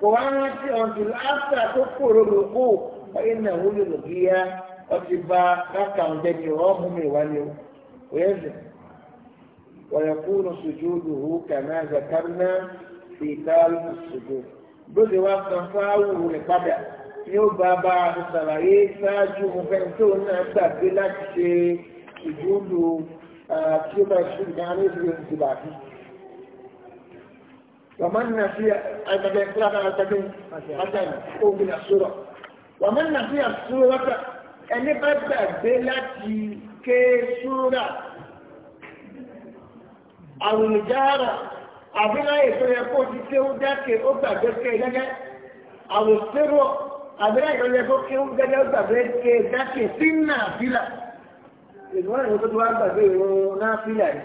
kò wá rántí ọ̀dùn láàfíà tó kòrò lòkó ọyẹ náà wúlò lòkì yá ọtí bá káka ọ̀dẹ ni ọ̀ mú mi wá ni ó wẹ́ẹ́ zẹ̀ wọ́yẹ̀ kúrò sojú lòwú kàná zakarná fi dáàlú sojú bóde wá san fáwù rẹ̀ padà ni ó bá bá a sàlàyé ṣáájú mo tó náà gbàgbé láti ṣe ìdúró tí ó bá ṣùgbọ́n alẹ́ ìdúró ti bàbí. ومن نسي بدأ بيقرأ على تبين حتى يقوم من السورة ومن نسي السورة أني بدأ بلاتي كسورة أو الجارة أبنا في سيودا كأبا بكي لك أو السر أبنا يسيقوت سيودا كأبا بكي لك سنة فيلا إذن وانا يقول واربا بيه نافلة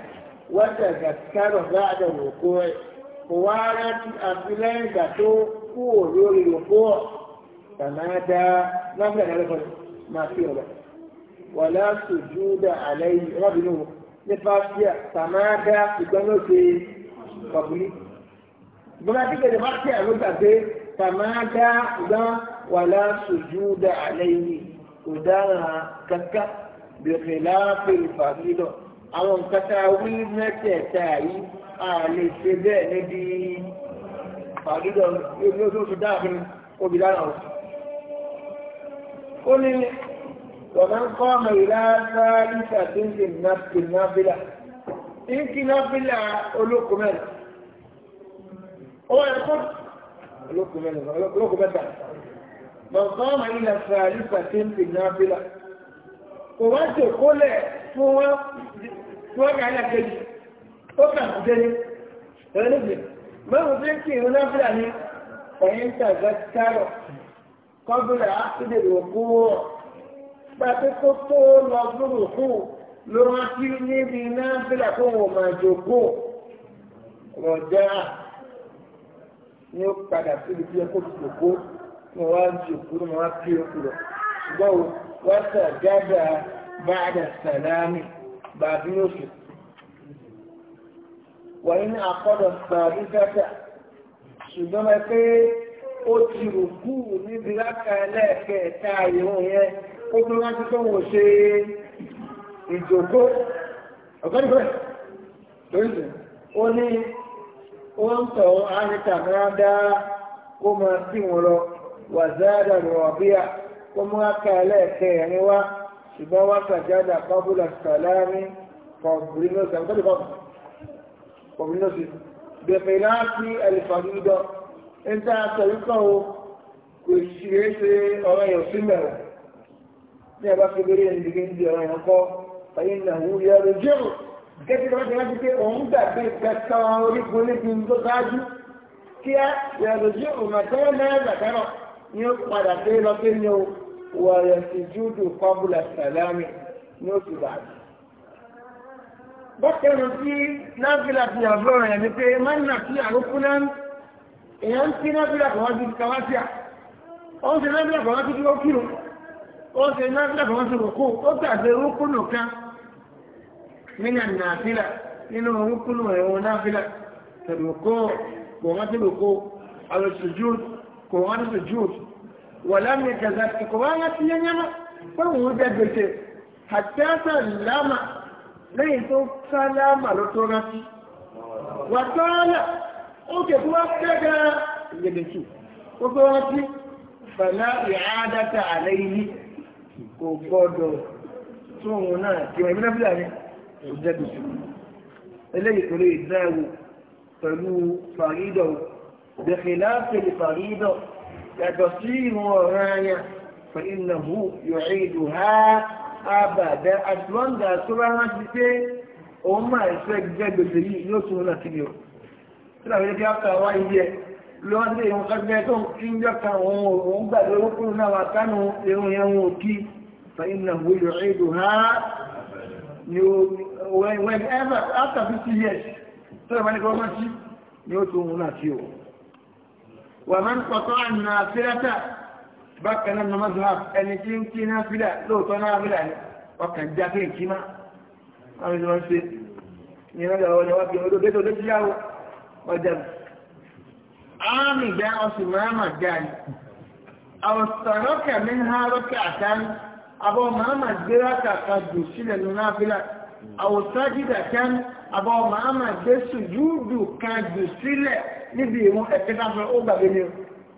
وتذكر بعد وقوعه kò wá rántí àti lẹ́yìn ìgbà tó kú ò lórí òkú ọ̀ tàmá dá lábẹ́ ìdájọ́ kan máa fi ọ̀rọ̀ wà láti júdà àlẹ́ yìí rọ́bìnú nípa fíà tàmá dá ìgbọ́n ló ṣe kọ̀bùlí. ìgbọ́nà tí kèdè máa fíà ló gbàgbé tàmá ìgbọ́n wà láti júdà àlẹ́ yìí kò dára kankan bèrè láàpẹ̀ ìfàmìlọ àwọn nǹkan tá a wí mẹ́tẹ̀ẹ̀ta yìí ààlè ṣe bẹ́ẹ̀ níbi pàdúdọ̀ ní oṣooṣù dáàfin obìdára ọ̀. ó ní ọ̀nà ń kọ́ ọmọ ìlà sáàrí ṣàtúnṣe náfìlà ń kí náfìlà olóko mẹ́rin ó wà wá jòkó lẹ̀ fún wọn fún ọ̀gá ìlà kejì ó kà ń gbé lónìí mọ́mú bí kì í ná fúlà ní ẹ̀yìn tàgbà kárọ̀ kọ́bùrà ápìlẹ̀ òkú wọ̀ pàtó kó tó lọ búrò kú ló wá sí níbi náà fúlà kó wọ́n máa jòkó rọ̀jà ni ó padà síbi tí wọ̀nyí ní àkọ́dọ̀ sàbí gẹ́gẹ́ ṣùgbọ́n ẹ pé ó ti rò kú níbi láka ẹlẹ́ẹ̀kẹ́ẹ̀ta ìrún yẹn ó tún láti tó wọ́n ṣe ìjòkó ọ̀gbẹ́ni bẹ́ẹ̀ lóríṣìí ó ní wọ́n ń tọ̀ áníkà náà dá kó máa sí wọn lọ wà záàdà ní wàbíà kó mú aka ẹlẹ́ẹ̀kẹ́ẹ̀rin wá ṣùgbọ́n wákàtí àdàkọ́bùlà sàlámì kọ̀ọ̀bùrí ní ọ̀sán kọ̀mínọ́sì bẹ̀fẹ̀ náà sí ẹlẹ́fàdúdọ́ ń tá a sọ wípé o kò ṣeé ṣe ọ̀rọ̀ yẹn sí mẹ́rọ ní ẹ̀bá fi lórí ẹni dìgbé ń di ọ̀rọ̀ yẹn kọ́ ayé ń nàwó yẹ ọ̀rọ̀ jẹ́rò gẹ́gẹ́ bí wọ́n ti rántí pé òun gbàgbé kẹta orígun onígun tó ṣáájú kí á yẹ ni ó padà dé lọ pé ní o wọ̀ọ̀rẹ̀ sì júdù kọ́bùlà sàlámì ní oṣù bàbá bọ́kẹ́nu tí náfìlà ti àbúrò rẹ̀ ni pé má nà sí àrókú náà èèyàn ń tí náfìlà kọ̀ wájú ti kàwá sí à ó ń ṣe náfìlà kọ̀ wájú tí ó kírun ó ń ṣe náfìlà kọ̀ wájú kò ó gbàgbé rúkúnù kan nínà náfìlà nínú rúkúnù ẹ̀wọ̀n náfìlà tẹ̀lùkọ́ kò wọ́n ti lòkó àwọn lẹ́yìn tó sálámà ló tó rántí wà sáálà ó kẹ̀kú wá kẹ́kẹ́ ìgbèdèkù ó tó rántí fàlá ìhádátà àlẹ́ yìí kò gbọ́dọ̀ tóun náà kí wọ́n ìbílẹ̀ fúlàní kò jẹ́ gbèsè eléyìí kò lè dáwò pẹ̀lú fàrídọ̀ dẹ̀kẹ̀lá pẹ̀lú fàrídọ̀ yàtọ̀ sí ìwọ̀n ọ̀ràn yẹn fẹ̀ ìnáwó yóò abàdá as long as tó bá rántí pé òun máa ń fẹ́ gbẹ́ gbèsè yìí yóò tún náà kíni o tí làwọn ilé kíá kà wá iye lọ́wọ́ sí ìhun kẹgbẹ́ tó ń kí ń jọ òun òun gbàgbé owó kúrò náà wà kánú irun yẹn wọn ò kí fẹ́yìn náà wọ́n yọ èdò ha ni ó wẹ́n ever after fifty years tó lè wá ní kí sí ni ó náà kí o wà bákanáà na mazhab ẹni tí ń kí náà fílà lóòtọ́ náà fílà ní ọkàn já kí n kí má wọ́n ti wọ́n ṣe ní ọjọ́ ọjọ́ wọ́n fi odò dédò ló ti yáwó ọjà bù. àmì ìgbà ọ̀sùn mọ́hámà já ni àwọn sọ̀rọ̀kà mi ń há rọ́kà àtàní àbọ̀ mọ́hámà gbé rákà kan jù sílẹ̀ nù náà fílà àwọn sájídà kan àbọ̀ mọ́hámà gbé sùjúdù kan jù sílẹ̀ níbi ìwọ̀n ẹ̀kẹ́ta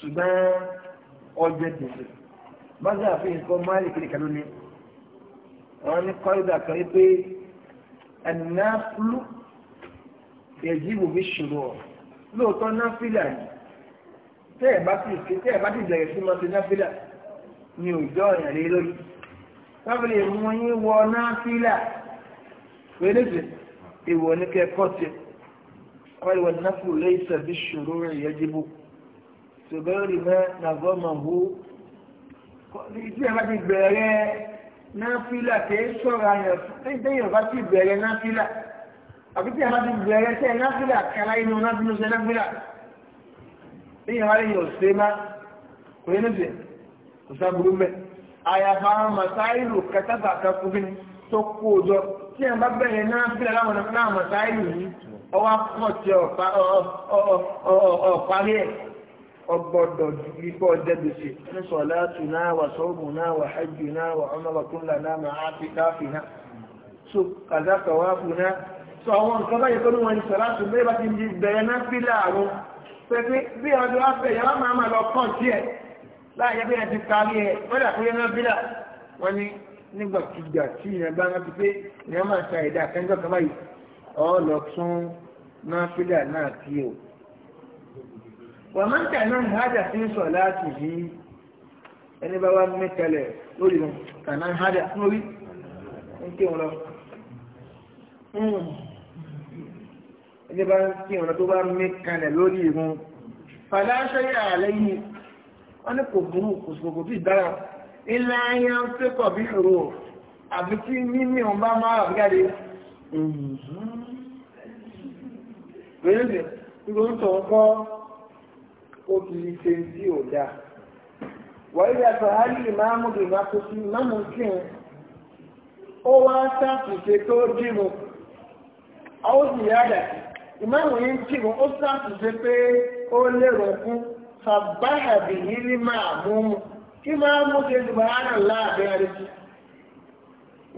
ṣùgbọ́n ọjọ́ gbèsè mọ́tò àfihàn kan máàlì kiri kan lónìí wọ́n ní kọ́rídà kan pé ẹ̀nàfúlù yẹ̀jìbù bí ṣòro ọ̀ lóòótọ́ náfìlà yìí tẹ́ ẹ̀ bá ti ṣe tẹ́ ẹ̀ bá ti bẹ̀rẹ̀ sí máa ṣe náfìlà ni òjọ́ ọ̀yàn lé lórí káfílì mú yín wọ náfìlà pẹ̀lẹ́sẹ̀ ìwọ ní kẹ́kọ̀ọ́ tiẹ̀ kọ́ náfìlà yìí ṣàbí ṣòro rẹ̀ yẹ̀jìbù ṣùgbọ́n rí mẹ́ nàgọ́mọ̀ hó tí ẹ bá ti bẹ̀rẹ̀ náfìlà tẹ́ sọ̀rọ̀ ayọ̀ tẹ́yìn bá ti bẹ̀rẹ̀ náfìlà àbí tí ẹ bá ti bẹ̀rẹ̀ tẹ́ náfìlà kala inú náfìlà ṣe náfìlà tẹ́yìn wáyé yóò ṣe má kò yẹn níbi kò sábúrú mẹ́ àyàfà màsáìlù kẹtàbà kakúbin tó kó o jọ tí ẹ bá bẹ̀rẹ̀ náfìlà láwọn màsáìlù yìí ọwọ́ àpọ̀ tí ọ̀ ọgbọ́dọ̀ gbígbọ́ jẹ́gbèsè ní sọ̀látù náà wà sọ́ọ̀mù náà wà hajjù náà wà ọmọbàkún lànà máa fi káfì náà so kàzákà wá fún náà so àwọn nǹkan báyìí tó ní wọn ni sọ̀látù bẹ́ẹ̀ bá ti di bẹ̀rẹ̀ náà fílà àwọn pẹ̀pẹ́ bí ọjọ́ afẹ́ yàrá máa máa lọ kàn sí ẹ̀ láàyè bí ẹ̀ ti kárí ẹ̀ wọ́dà fún náà fílà wọ́n ní nígbàkigbà tí ìyẹn bá rántí pé ìyẹn máa ṣàìdá kẹ́ńtọ́ kan báyìí ọ lọ náà fílà náà kí o wà máa ń tà náà hájà sí sọ láti yí ẹni bá wá mẹ́tẹ̀lẹ̀ lórí wọn tà náà hájà fún orí ń kí wọn lọ. Hmm. ẹni bá ń kí wọn lọ tó bá mẹ́tẹ̀lẹ̀ lórí wọn fàdáṣẹ́ yà lẹ́yìn wọn ní kò burú kò sì kò bíi dára ilé ayé ń pẹ́kọ̀ bí ìrò àbí tí mímí òun bá máa rà jáde. Hmm. Bẹ́ẹ̀ni, ìgbóhùn tó ń kọ́ ó ti di ṣe tí ò dáa wàá yà fàhálì ìmáàmù ìmá kó sí ìmáàmù kírun ó wá sáàtìṣe tó dìrun ó sì yára ìmáàmù yìí ń kírun ó sáàtìṣe pé mu kí máa mú ṣe ti bàá nà láàbẹ̀ rẹ̀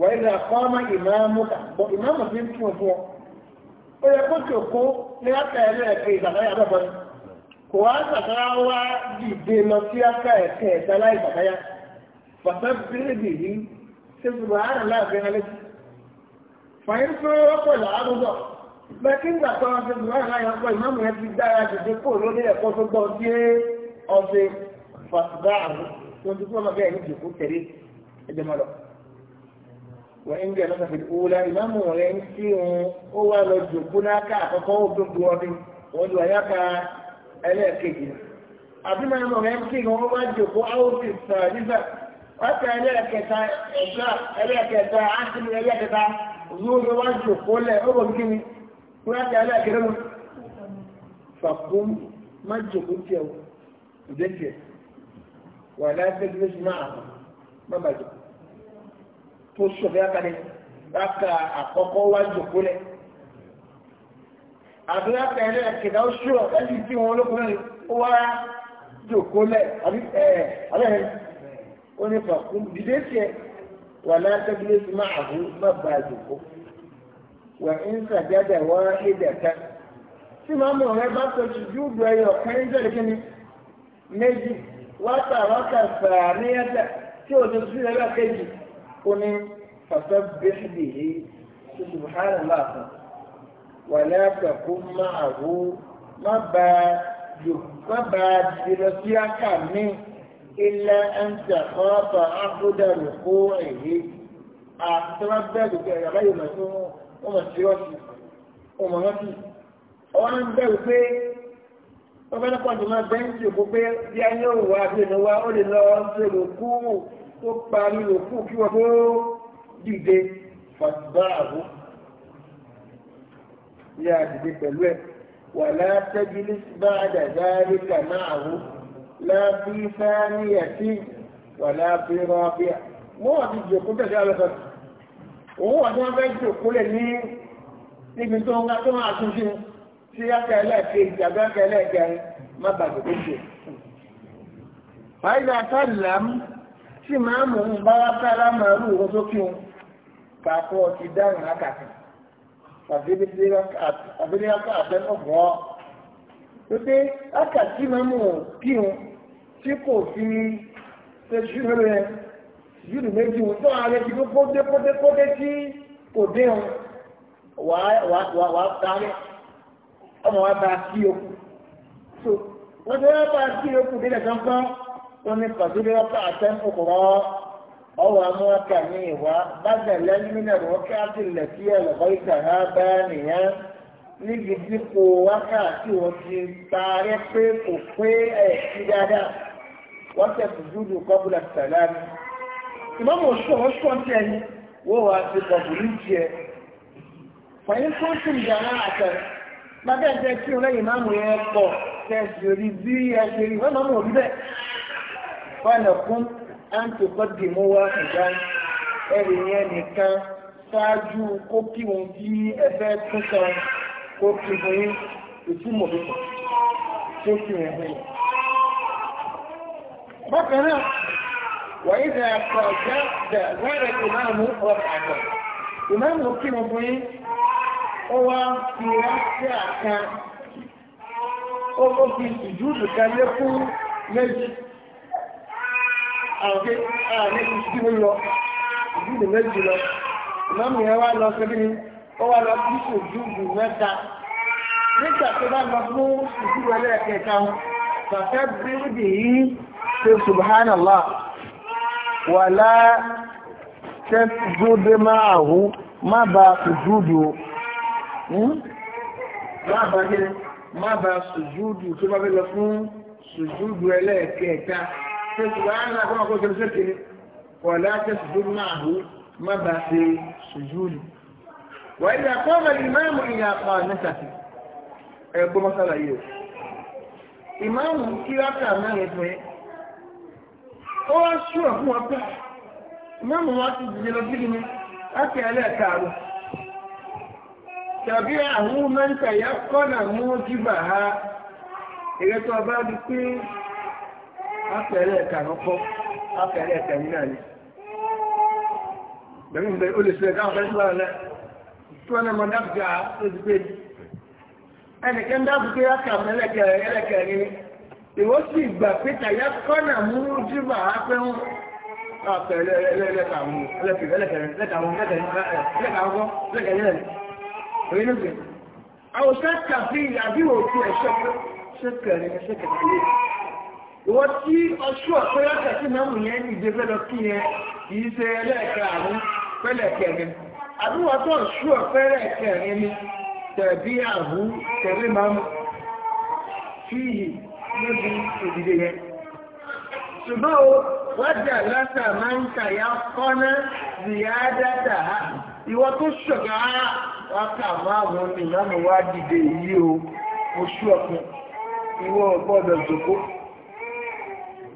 wàá yà fọ́ọ́mà ìmáàmù kà bọ̀ ìmáàmù ti ọ kò wá sàkárá wá dìde lọ sí aká ẹ̀kẹ́ ẹ̀dá láì bàtáyà bàtà bèrèbè yìí ṣe sùgbà àrùn láàbẹ̀ alẹ́ jù fàyín fún ọ̀pọ̀ làárúbọ̀ bẹ́ẹ̀ kí ngbà tó wọn ṣe sùgbà àrùn láàyè ọ̀pọ̀ ìmáàmù yẹn ti dára dìde kó lórí ẹ̀kọ́ tó gbọ́ sí ọ̀sẹ̀ àrùn tó ń fún ọmọ bẹ́ẹ̀ ní tẹ̀lé ẹ̀jẹ̀ mọ́ lọ. ẹlẹ́ẹ̀kejì àbí máa mọ̀ rẹ̀ kí wọ́n bá jòkó áwòsì sọ̀rọ̀ nígbà wákà ẹlẹ́ẹ̀kẹta ẹ̀dá ẹlẹ́ẹ̀kẹta ákìlì ẹlẹ́ẹ̀kẹta lóòrò wá jòkó lẹ̀ ó bọ̀ kí ni wákà ẹlẹ́ẹ̀kẹta mọ̀ fàkún má jòkó tiẹ̀ o ìdẹ́ tiẹ̀ wà láti ẹgbẹ́ méjì máa àmọ́ má bàjẹ́ tó sọ̀rọ̀ yàtà ni àdúrà pẹ̀lú ẹ̀kẹ̀dá ó ṣúrọ̀ ẹ̀sì tí wọn olókùnrin ó wá jòkó lẹ̀ àbí ẹ̀ẹ́ ó ní fàkún dìde tiẹ̀ wà látẹ́gbẹ́lẹ́ sí máa àbú má ba jòkó wà ń sàjáde wọ́n édè ká tí màá mọ̀ rẹ bá tó ti ju ìgbà ẹyọ kan ń kí ni méjì wákà wákà fàáníyàtà tí ò ní sí ẹgbẹ́ kejì ó ní fàfẹ́ bẹ́ẹ̀ bẹ́ẹ̀ subhanallah wàlẹ́ àpẹ̀kú máa wú má bá a dìde lọ sí áká mi ilẹ̀ ń tẹ̀kọ́ ọ̀tọ̀ ábúdàrú kó èyí àtúntàn bẹ́ẹ̀lú pé ẹ̀yà báyìí mọ̀ sí wọn mọ̀ sí ọ̀sì ọmọ rántí ọwọ́n ń bẹ̀rù pé wọ́n fẹ́ lọ́pọ̀ jùlọ bẹ́ńkì òkú pé bí a yóò wá bí ẹnu wa ó lè lọ sí olùkú tó parí olùkú kí wọ́n tó dìde fàtìbá àbúkù yá àdìdí pẹ̀lú ẹ̀ wà látẹ́jìlì bá àdàdáyé kàná àwò láti sáníyà tí wà láti rọ́bíà mọ́ àti jòkó tẹ̀sẹ̀ àlọ́sọ̀ òun wà tí wọ́n fẹ́ jòkó lẹ̀ ní níbi tó ń ga tó máa tún sí sí akẹ́lẹ́ kejì àbẹ́ akẹ́lẹ́ kẹrin má bàjẹ́ tó ṣe. Fàílà sálàm tí máa mú un bá wá sálámà rú òun sókè òun kàkọ́ ti dáhùn lákàtà tàbí ní rákà àtẹ́lọ́gbọ̀n wípé rákà tí máa mú kírun tí kò fi tẹ́jú rẹ̀ yìí méjì wọn tó ààrẹ ti gbogbo dépódépódé tí kò dé wọn wà á tààrẹ ọmọ wa bá kí o so wọ́n tó wá bá kí okù délẹ̀ kankan wọ́n ní pàdé rákà àtẹ́lọ́gbọ̀n ọwọ́ amúhàkà ní ìwá bàtà lẹ́mínà wákàtí lẹ́tí ẹ̀lọ́kọ́ ìtàhà bá nìyẹn níbi dípò wákàtí wọn ti taarẹ́ pé kò pé ẹ̀ sí dáadáa wọ́n tẹ̀sí dúdú kọ́bùlà sàlámì. ìmọ̀mù oṣù oṣù ti ẹni wọ́n wá sí kọ̀bùlù jẹ. fàyín tó sì ń yàrá àtẹ bàbá ẹ̀jẹ̀ tí wọn lẹ́yìn máàmù yẹn pọ̀ tẹ̀sí orí bí ẹ̀jẹ̀ rí wọ́n máàmù òbí bẹ́ẹ̀. fọ́nà kún àǹtòkọ́dìmọ́wá ìgbà ẹ̀rì yẹn nìkan ṣáájú kó kí wọn bí ẹgbẹ́ tó sọ kó kí wọn yín ìtumọ̀ pípọ̀ tó kí wọn bí. bákan náà wàyí dà kọ̀ já dà lára ìmáàmù ọ̀rọ̀ àgbà ìmáàmù kí wọn bí yín ó wá fi ránṣẹ́ àkan ó fi ìjúùdù kan lékún méjì àwọ̀gbé ààrẹ ìsìnkú ní lọ ìdílé méjì lọ ìmọ̀mù yẹn wá lọ sẹ́bí ni ó wá lọ sí ìṣòjúbù mẹ́ta nígbà tó bá lọ fún ìṣòjúbù ẹlẹ́ẹ̀kẹta fàfẹ́ bíríbì yìí ṣe subhanallah wàlá tẹ́sídúdé máa hù má ba sùjúdù hmm? má ba sùjúdù tó bá fẹ́ lọ fún sùjúdù ẹlẹ́ẹ̀kẹta kejìlá ńlá fún ọkọ̀ òṣèlú sókè wọ̀lá tẹ́ sùjúdù máa hù má bà ṣe sùjúdù wà ilẹ̀ àkọ́ọ̀mọ̀ ìmáàmù ìyà pa nẹ́sàtì ẹgbọ́ mọ́sálà yìí o ìmáàmù kíráàkà mẹ́rin fún yẹn ó wá ṣúwà fún wọn pẹ́ ìmáàmù wọn ti dìde lọ síbi ni láti ẹlẹ́ kààrọ̀ tàbí àwọn mẹ́ta yà kọ́nà mú jíbà ha ìrètò ọba di pé apẹ̀rẹ̀ ẹ̀kà rọ́pọ́ apẹ̀rẹ̀ ẹ̀kà nínà ní bẹ̀rẹ̀ ìgbẹ̀ ó lè ṣe ẹ̀kà ọ̀fẹ́ síwára lẹ́ tí wọ́n mọ̀ dábùkẹ́ àtòjú pé ẹnìkẹ́ ń dábùkẹ́ àkà mẹ́lẹ̀kẹ̀ ní ìwọ sì gbà pé tàyà kọ́nà mú jíbà ápẹ́ wọn apẹ̀rẹ̀ ẹlẹ́kà mú ẹlẹ́kẹ̀ẹ́ ìwọ tí ọṣù ọ̀pẹ́yọ́ tẹ̀sí mẹ́mù yẹn ní ìdè fẹ́lọ kí yẹn kìí ṣe ẹlẹ́ẹ̀kẹ́ àrùn pẹ́lẹ̀ kẹrin àbúwọ̀ tó ọṣù ọ̀pẹ́rẹ́ kẹrin ni tẹ̀bí àrùn tẹ̀lé máa mú fíìyì níbi ìdìde yẹn ṣùgbọ́n o wájà lásà máa ń tàyà kọ́ná ziyádátà ìwọ tó ṣọ̀gá wákà márùn-ún ìyọ́nù wá dìde yìí o oṣù ọ̀pẹ́ ìwọ ọ̀pọ̀ ọ̀dọ̀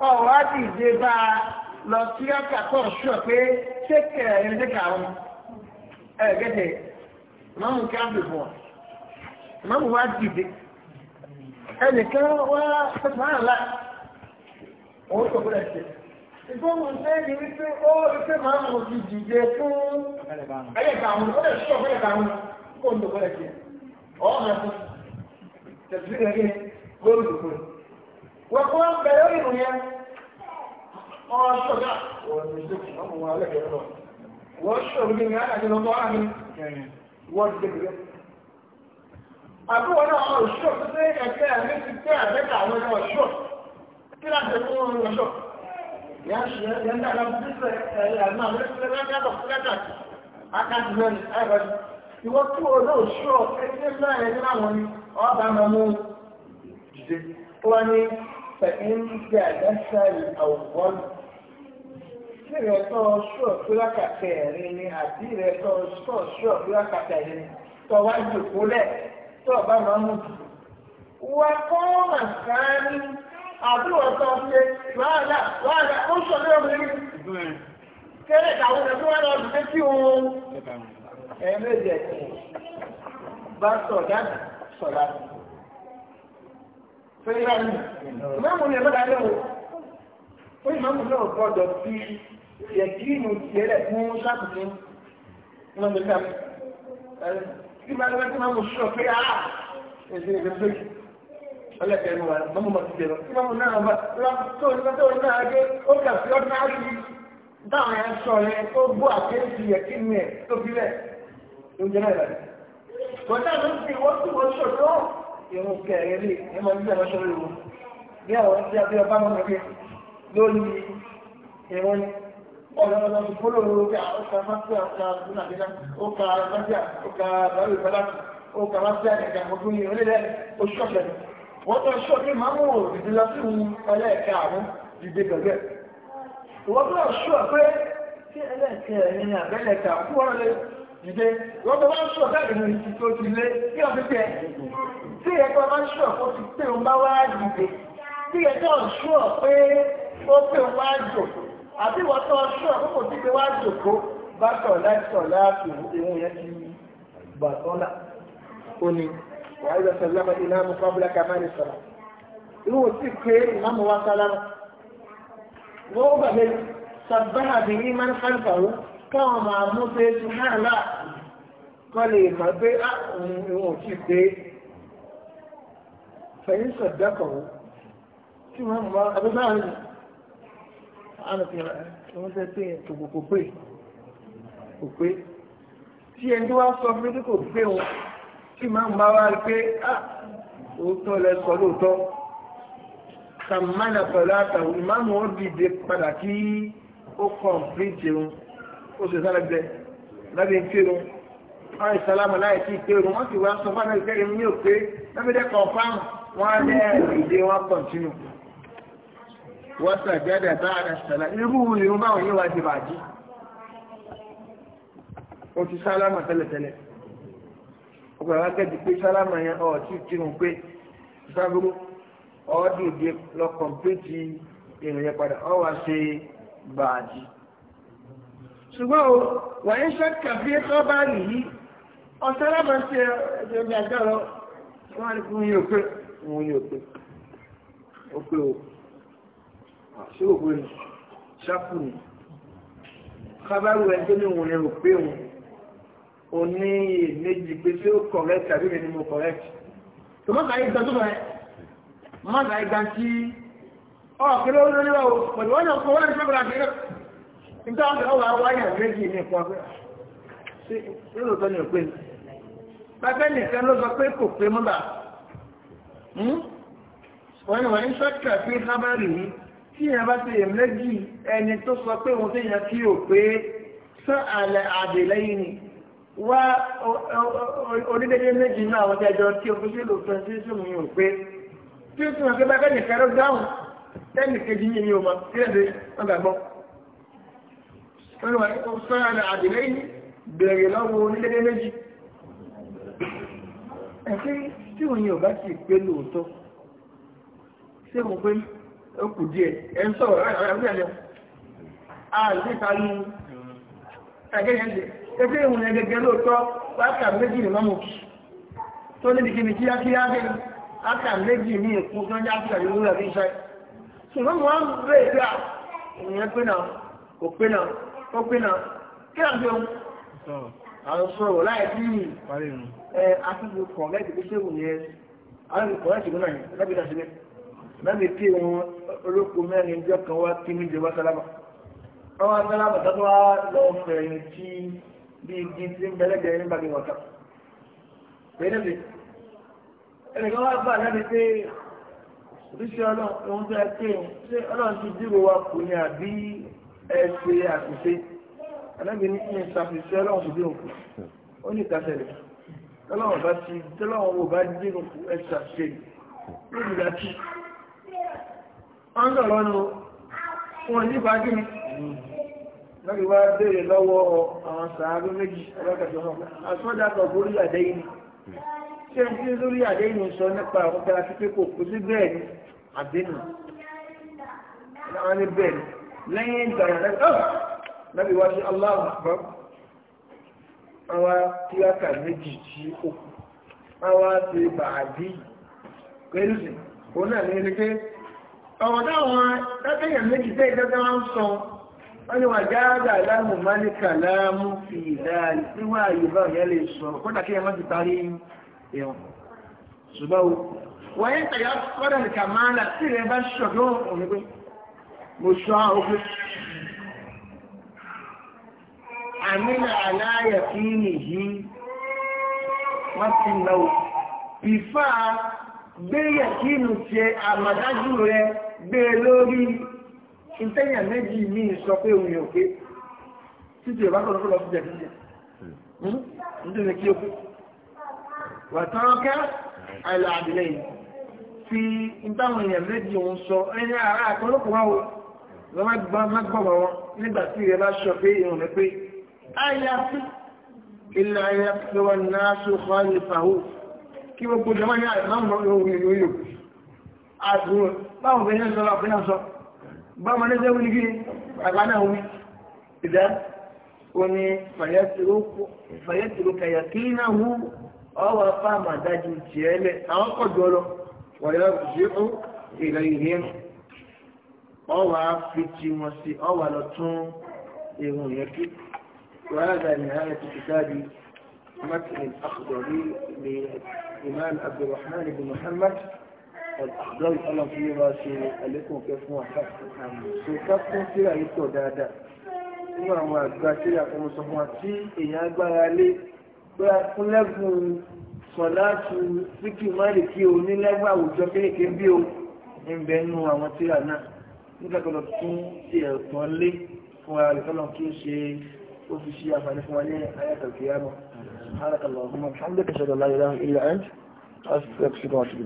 ọ̀wá dìde bá a lọ sí àkàkọ́ ṣùọ́ pé ṣé kẹ̀rẹ̀ ní kàrún ẹ̀ẹ́dẹ́gbẹ̀dẹ̀ mọ́mú kí á bè fún wá dìde ẹnìkan wá pẹ̀sán òun tó gbọ́dọ̀ ṣe ìgbóhùn ṣe ni wípé ó wípé máa mọ̀ ti dìde fún ẹ̀yẹ̀kà ó lè ṣọ́ ẹ̀yẹ̀kà kó wọ́n kọ́ bẹ̀rẹ̀ orí ìrùn yẹn wọ́n ṣọ̀gá wọ́n náà wọ́n ṣọ̀ tó tẹ́ ẹ̀kẹ́ àmì ti tẹ́ àmẹ́ta àwọn ẹ̀rọ ṣọ̀ kí láti fún wọn lọ yà ń ṣe yẹn dára bí sẹ́ẹ̀ ẹ̀yà náà lẹ́sẹ̀ فإن جلس الأول Ìrẹ̀ tó ṣọ́ fúlákà kẹrin ni àbí ìrẹ̀ tó ṣọ́ ṣọ́ fúlákà kẹrin tó wá jòkó lẹ̀ tó ọba máa mú jù. Wà kọ́ màkàá ní àdúrà tó ṣe wàhálà wàhálà ó ṣọ̀ lé obìnrin. Kéré kàwọn ẹ̀kọ́ wà lọ́dún pé kí òun ẹ̀ẹ́mẹ́jẹ̀ bá sọ̀ dáàbò sọ̀ dáàbò sẹ́yìn náà nù ìmáàmù ni ẹ̀mẹ́ta lẹ́wọ̀ ó ìmáàmù náà gbọ́dọ̀ fi yẹ̀kínù tiẹ̀lẹ̀ fún ṣáàtùtù nínú ọdún ká kí máa lọ́wọ́ tí máa mú sọ pé á ẹ̀sìn ẹ̀sìn pé ọlẹ́kẹ̀ ẹ̀mú wa mọ́mú mọ́ ti jẹ̀rọ kí máa mú náà bá tó ní tó ní náà gé ó kà sí ọdún á rí dáhùn ẹ̀ sọ yẹn tó gbọ́ àkéjì yẹ̀kínù ẹ̀ tó fi rẹ̀ ló ń jẹ́ náà ìlànà irun kẹrin lè ní ọmọ nígbà lọ́sọ̀ rẹ̀ wò bí àwọn tí a bí ọba mọ̀ nígbà lórí irun ni ọ̀lọ́lọ́ ti fọ́lọ̀ lórí ọkà fásitì ọkà dúnàdínà ọkà fásitì ọkà bàbá ìfọlá ọkà fásitì àgbẹ̀gbẹ̀ ọdún ní orílẹ̀ oṣù ọ̀sẹ̀ wọ́n tó ṣọ́ pé máa mú òdìdí lọ sí ìhun ẹlẹ́ẹ̀kẹ́ àwọn dìde gẹ̀gẹ́ wọ́n tó ṣọ́ pé sí ẹlẹ́ẹ̀kẹ́ ẹ̀yìn àbẹ́lẹ̀kẹ́ àkúwọ́rẹ́ Ìdè wọ́n tó bá ń ṣọ̀ bẹ́ẹ̀ lórí ti tó ti lé kí ọ̀sẹ̀ tẹ̀. Tí ẹ̀kọ́ bá ń ṣọ̀ kó ti pé òun bá wá dìde. Tí ẹ̀kọ́ ṣọ̀ pé ó pé òun wá jò. Àbí wọ́n tó ṣọ̀ pé kò sí pé wá jòkó. Bá sọ̀ láìsọ̀ láàfin ìhun yẹn ti gbà sọ́lá. Ó ní wàá yọ sọ̀lámà ìlànà fábúlà kàmáà sọ̀rọ̀. Irú òsì pé ìmáàmù wa sálámà. Wọ́n bàbá sàbáhà bí ní máa ń káwọn máa mú pé ṣùgbọ́n kọ́ lè mọ̀ pé àwọn ah, ìwọ̀n ò tíì pé fẹ̀yìn sọ̀dọ́kọ̀ wò tí wọ́n mọ̀ abúlé àwọn ànàfihàn wọ́n fẹ́ pé kò kò pé kò pé tí ẹni tó wá sọ fún mi kò pé wọn tí màá bá wá rí pé ah, òótọ́ lẹ sọ lóòótọ́ sàmánà pẹ̀lú àtàwọn ìmáàmù ó dìde padà kí ó kọ̀ǹpìlì jẹun oṣù sálẹ̀gbẹ̀ lábẹ́ ìkírun wọ́n ìsàlámù láì sí ìkírun wọ́n sì wá sọ fún àwọn ìkẹrin ní òpé lábẹ́dẹ́ kọ̀ọ̀fáàmù wọ́n á lẹ́ ìdè wọn kọ̀ntínú wọ́n sàjẹ́dà bá ara sàlá irú ìrún báwọn yóò wá di bàjí ó ti sálámà tẹ́lẹ̀tẹ́lẹ̀ ọgbà wa kẹ́ẹ̀dì pé sálámà yẹn ọ̀ tí kírun pé sábúrú ọ́ dìde lọ kọ̀m̀pẹ́tì ìrìn yẹn padà ọ́ wá ṣe bàjí ṣùgbọ́n o wà ń ṣọ́kà bí ẹ̀kọ́ bá nìyí ọ̀sán lábọ̀ ṣe ẹgbẹ̀rún àjọrọ̀ wọ́n ní fún yóò pé o ni ṣáfù ni kábàrù ní òun ni rò pé òun ò ní ó correct àbí mi ni mo correct tó má kàá ìgbà tó bá yẹ má kàá ìgbà tí ọ̀kẹ́lẹ́ olórí wa o pẹ̀lú wọn náà kọ́ wọn ní ṣọ́kà nígbà wọn kọ́ wà wáyà méjì ní ìpọ̀ pé ṣé lóòótọ́ ni ò pé bàbá nìkan ló sọ pé kò pé mọ́bà hmm? wọ́n ní wọ́n ní sọ́kà pé hábàrì yìí tí yẹn bá ti yẹ méjì ẹni tó sọ pé òun tó yẹn kí ò pé sọ àlẹ́ àdè lẹ́yìn ni wá onídéédé méjì náà àwọn jẹjọ tí o fi sí lòótọ́ sí sí mi ò pé tí o sì mọ̀ pé bàbá nìkan ló dáhùn tẹ́nì kejì yìí ni o mọ̀ kí ẹ̀ lè wọ́n gbàgbọ́. wọ́n wà nípa sọ́rọ̀ àdìlẹ́yìn bẹ̀rẹ̀ lọ́wọ́ onílẹ́dẹ́ méjì ẹ̀fẹ́ tí òun yóò bá ti pé lóòótọ́ ṣé mo pé ó kù díẹ̀ ẹ̀ ń sọ̀rọ̀ ẹ̀rọ ẹ̀lẹ́ àìsíkanú ẹgbẹ́ ìwọ̀n ẹgbẹ́gẹ́ ní méjì ní tó ń ṣùgbọ́n ń ah, ó pinna kí ló ń fi ohun àrùsọ̀rọ̀ láì sí àtúntò kọ̀ọ̀lẹ́tì tó ṣéwù ní ẹ àwọn kọ̀ọ̀lẹ́tì náà yẹn lábẹ́ ìdá sílẹ̀ lábẹ́ tí wọn olóko mẹ́rin jọ kan wá kí ní ìjọba sálábà àwọn sálábà tó wá lọ fẹ̀yìn tí bí igi tí ń bẹ́lẹ́dẹ̀ ní bàgẹ́ wọ̀ta láti pé oríṣi ọlọ́run tó ẹ pé ọlọ́run ti dúró wa kò ní àbí ẹ ṣe àṣìṣe anábì ní kí n ṣàfihàn ọlọ́run kò dé òkú ó ní ìtàṣẹ̀lẹ̀ tọ́lọ́wọ̀n bá ti tọ́lọ́wọ̀n wò bá dé òkú ẹ ṣàṣe lórí ìdájú wọ́n sọ̀rọ̀ nù wọn ní fàájì ni lórí wá béèrè lọ́wọ́ àwọn sàárù méjì alákàtọ̀ náà àsọdàkọ̀ borí àdéyìn ṣé n tí lórí àdéyìn sọ nípa àwọn tí a ti pé kò kú sí bẹ́ẹ̀ ni àdéhùn láwọn ní bẹ́ẹ̀ ni lẹ́yìn ìgbà yẹn náà nábì wá sí aláwọ̀ àbọ̀ àwọn tíráka méjì tí ó kù àwọn ti bàádì pẹ̀lú sí òun náà ní pé ọ̀rọ̀ táwọn tátẹ́yàn méjì tẹ́ ìtẹ́tẹ́ wọn sọ wọ́n ni wà jáàdà láàmù málìkà láàmù fi ìdáa níwà yorùbá òyà lè sọ kódà kí ẹ مشاعر عمل على يقينه mọ́tìlọ́wọ́ ìfà gbé yẹ̀kínù ṣe àmàdájú rẹ gbé lórí ìtẹ́yà méjì ní sọ pé òun yóò pé títí ìbá kọ̀ọ̀lọ́ fọ́lọ́ fúnjẹ fúnjẹ hmm? nítorí kí ó pé wàtánọ́kẹ́ àìlà àdìlẹ́yìn fi ìtàwọn èèyàn méjì òun sọ ẹni ara àtọ́lọ́pọ̀ wá lọ́gbọ́gbọ́ wọn nígbà tí ìrẹ bá sọ pé ìrùn rẹ pé àyàfi ilẹ̀ àyàfi wọn náà sọ́kọ́ ìfàwò kí gbogbo jọmọ́ ní àìsàn lọ́wọ́ ìrìnlẹ̀ àdúrà báwọn bẹ̀rẹ̀ sọ́rọ̀ àpínà sọ bá ma ní sẹ́wọ́n nígbì àgbà náà wí ìdá ó ní ọwà fi ti wọn sí ọwà lọ tún irun yẹn kí وهذا نهاية كتاب متن الأخضري لإمام عبد الرحمن بن محمد الأخضري الله في راسي لكم كيف موحد سوكاف كنتي أيتو دادا nínú àwọn àgbà tí àkọmọ sọ fún wa tí èèyàn agbára lé pé akúnlẹ́gùn sọ̀láàtù síkì máàlì kí o àwùjọ kéékèé bí o ń bẹ nínú àwọn tíra náà nígbàgbọ́dọ̀ tún ṣe ẹ̀sán lé fún ara rẹ̀ tọ́lọ̀ kí ó ṣe ó fi ṣe àǹfààní fún wa ní ayàtọ̀ kìíyàmọ̀.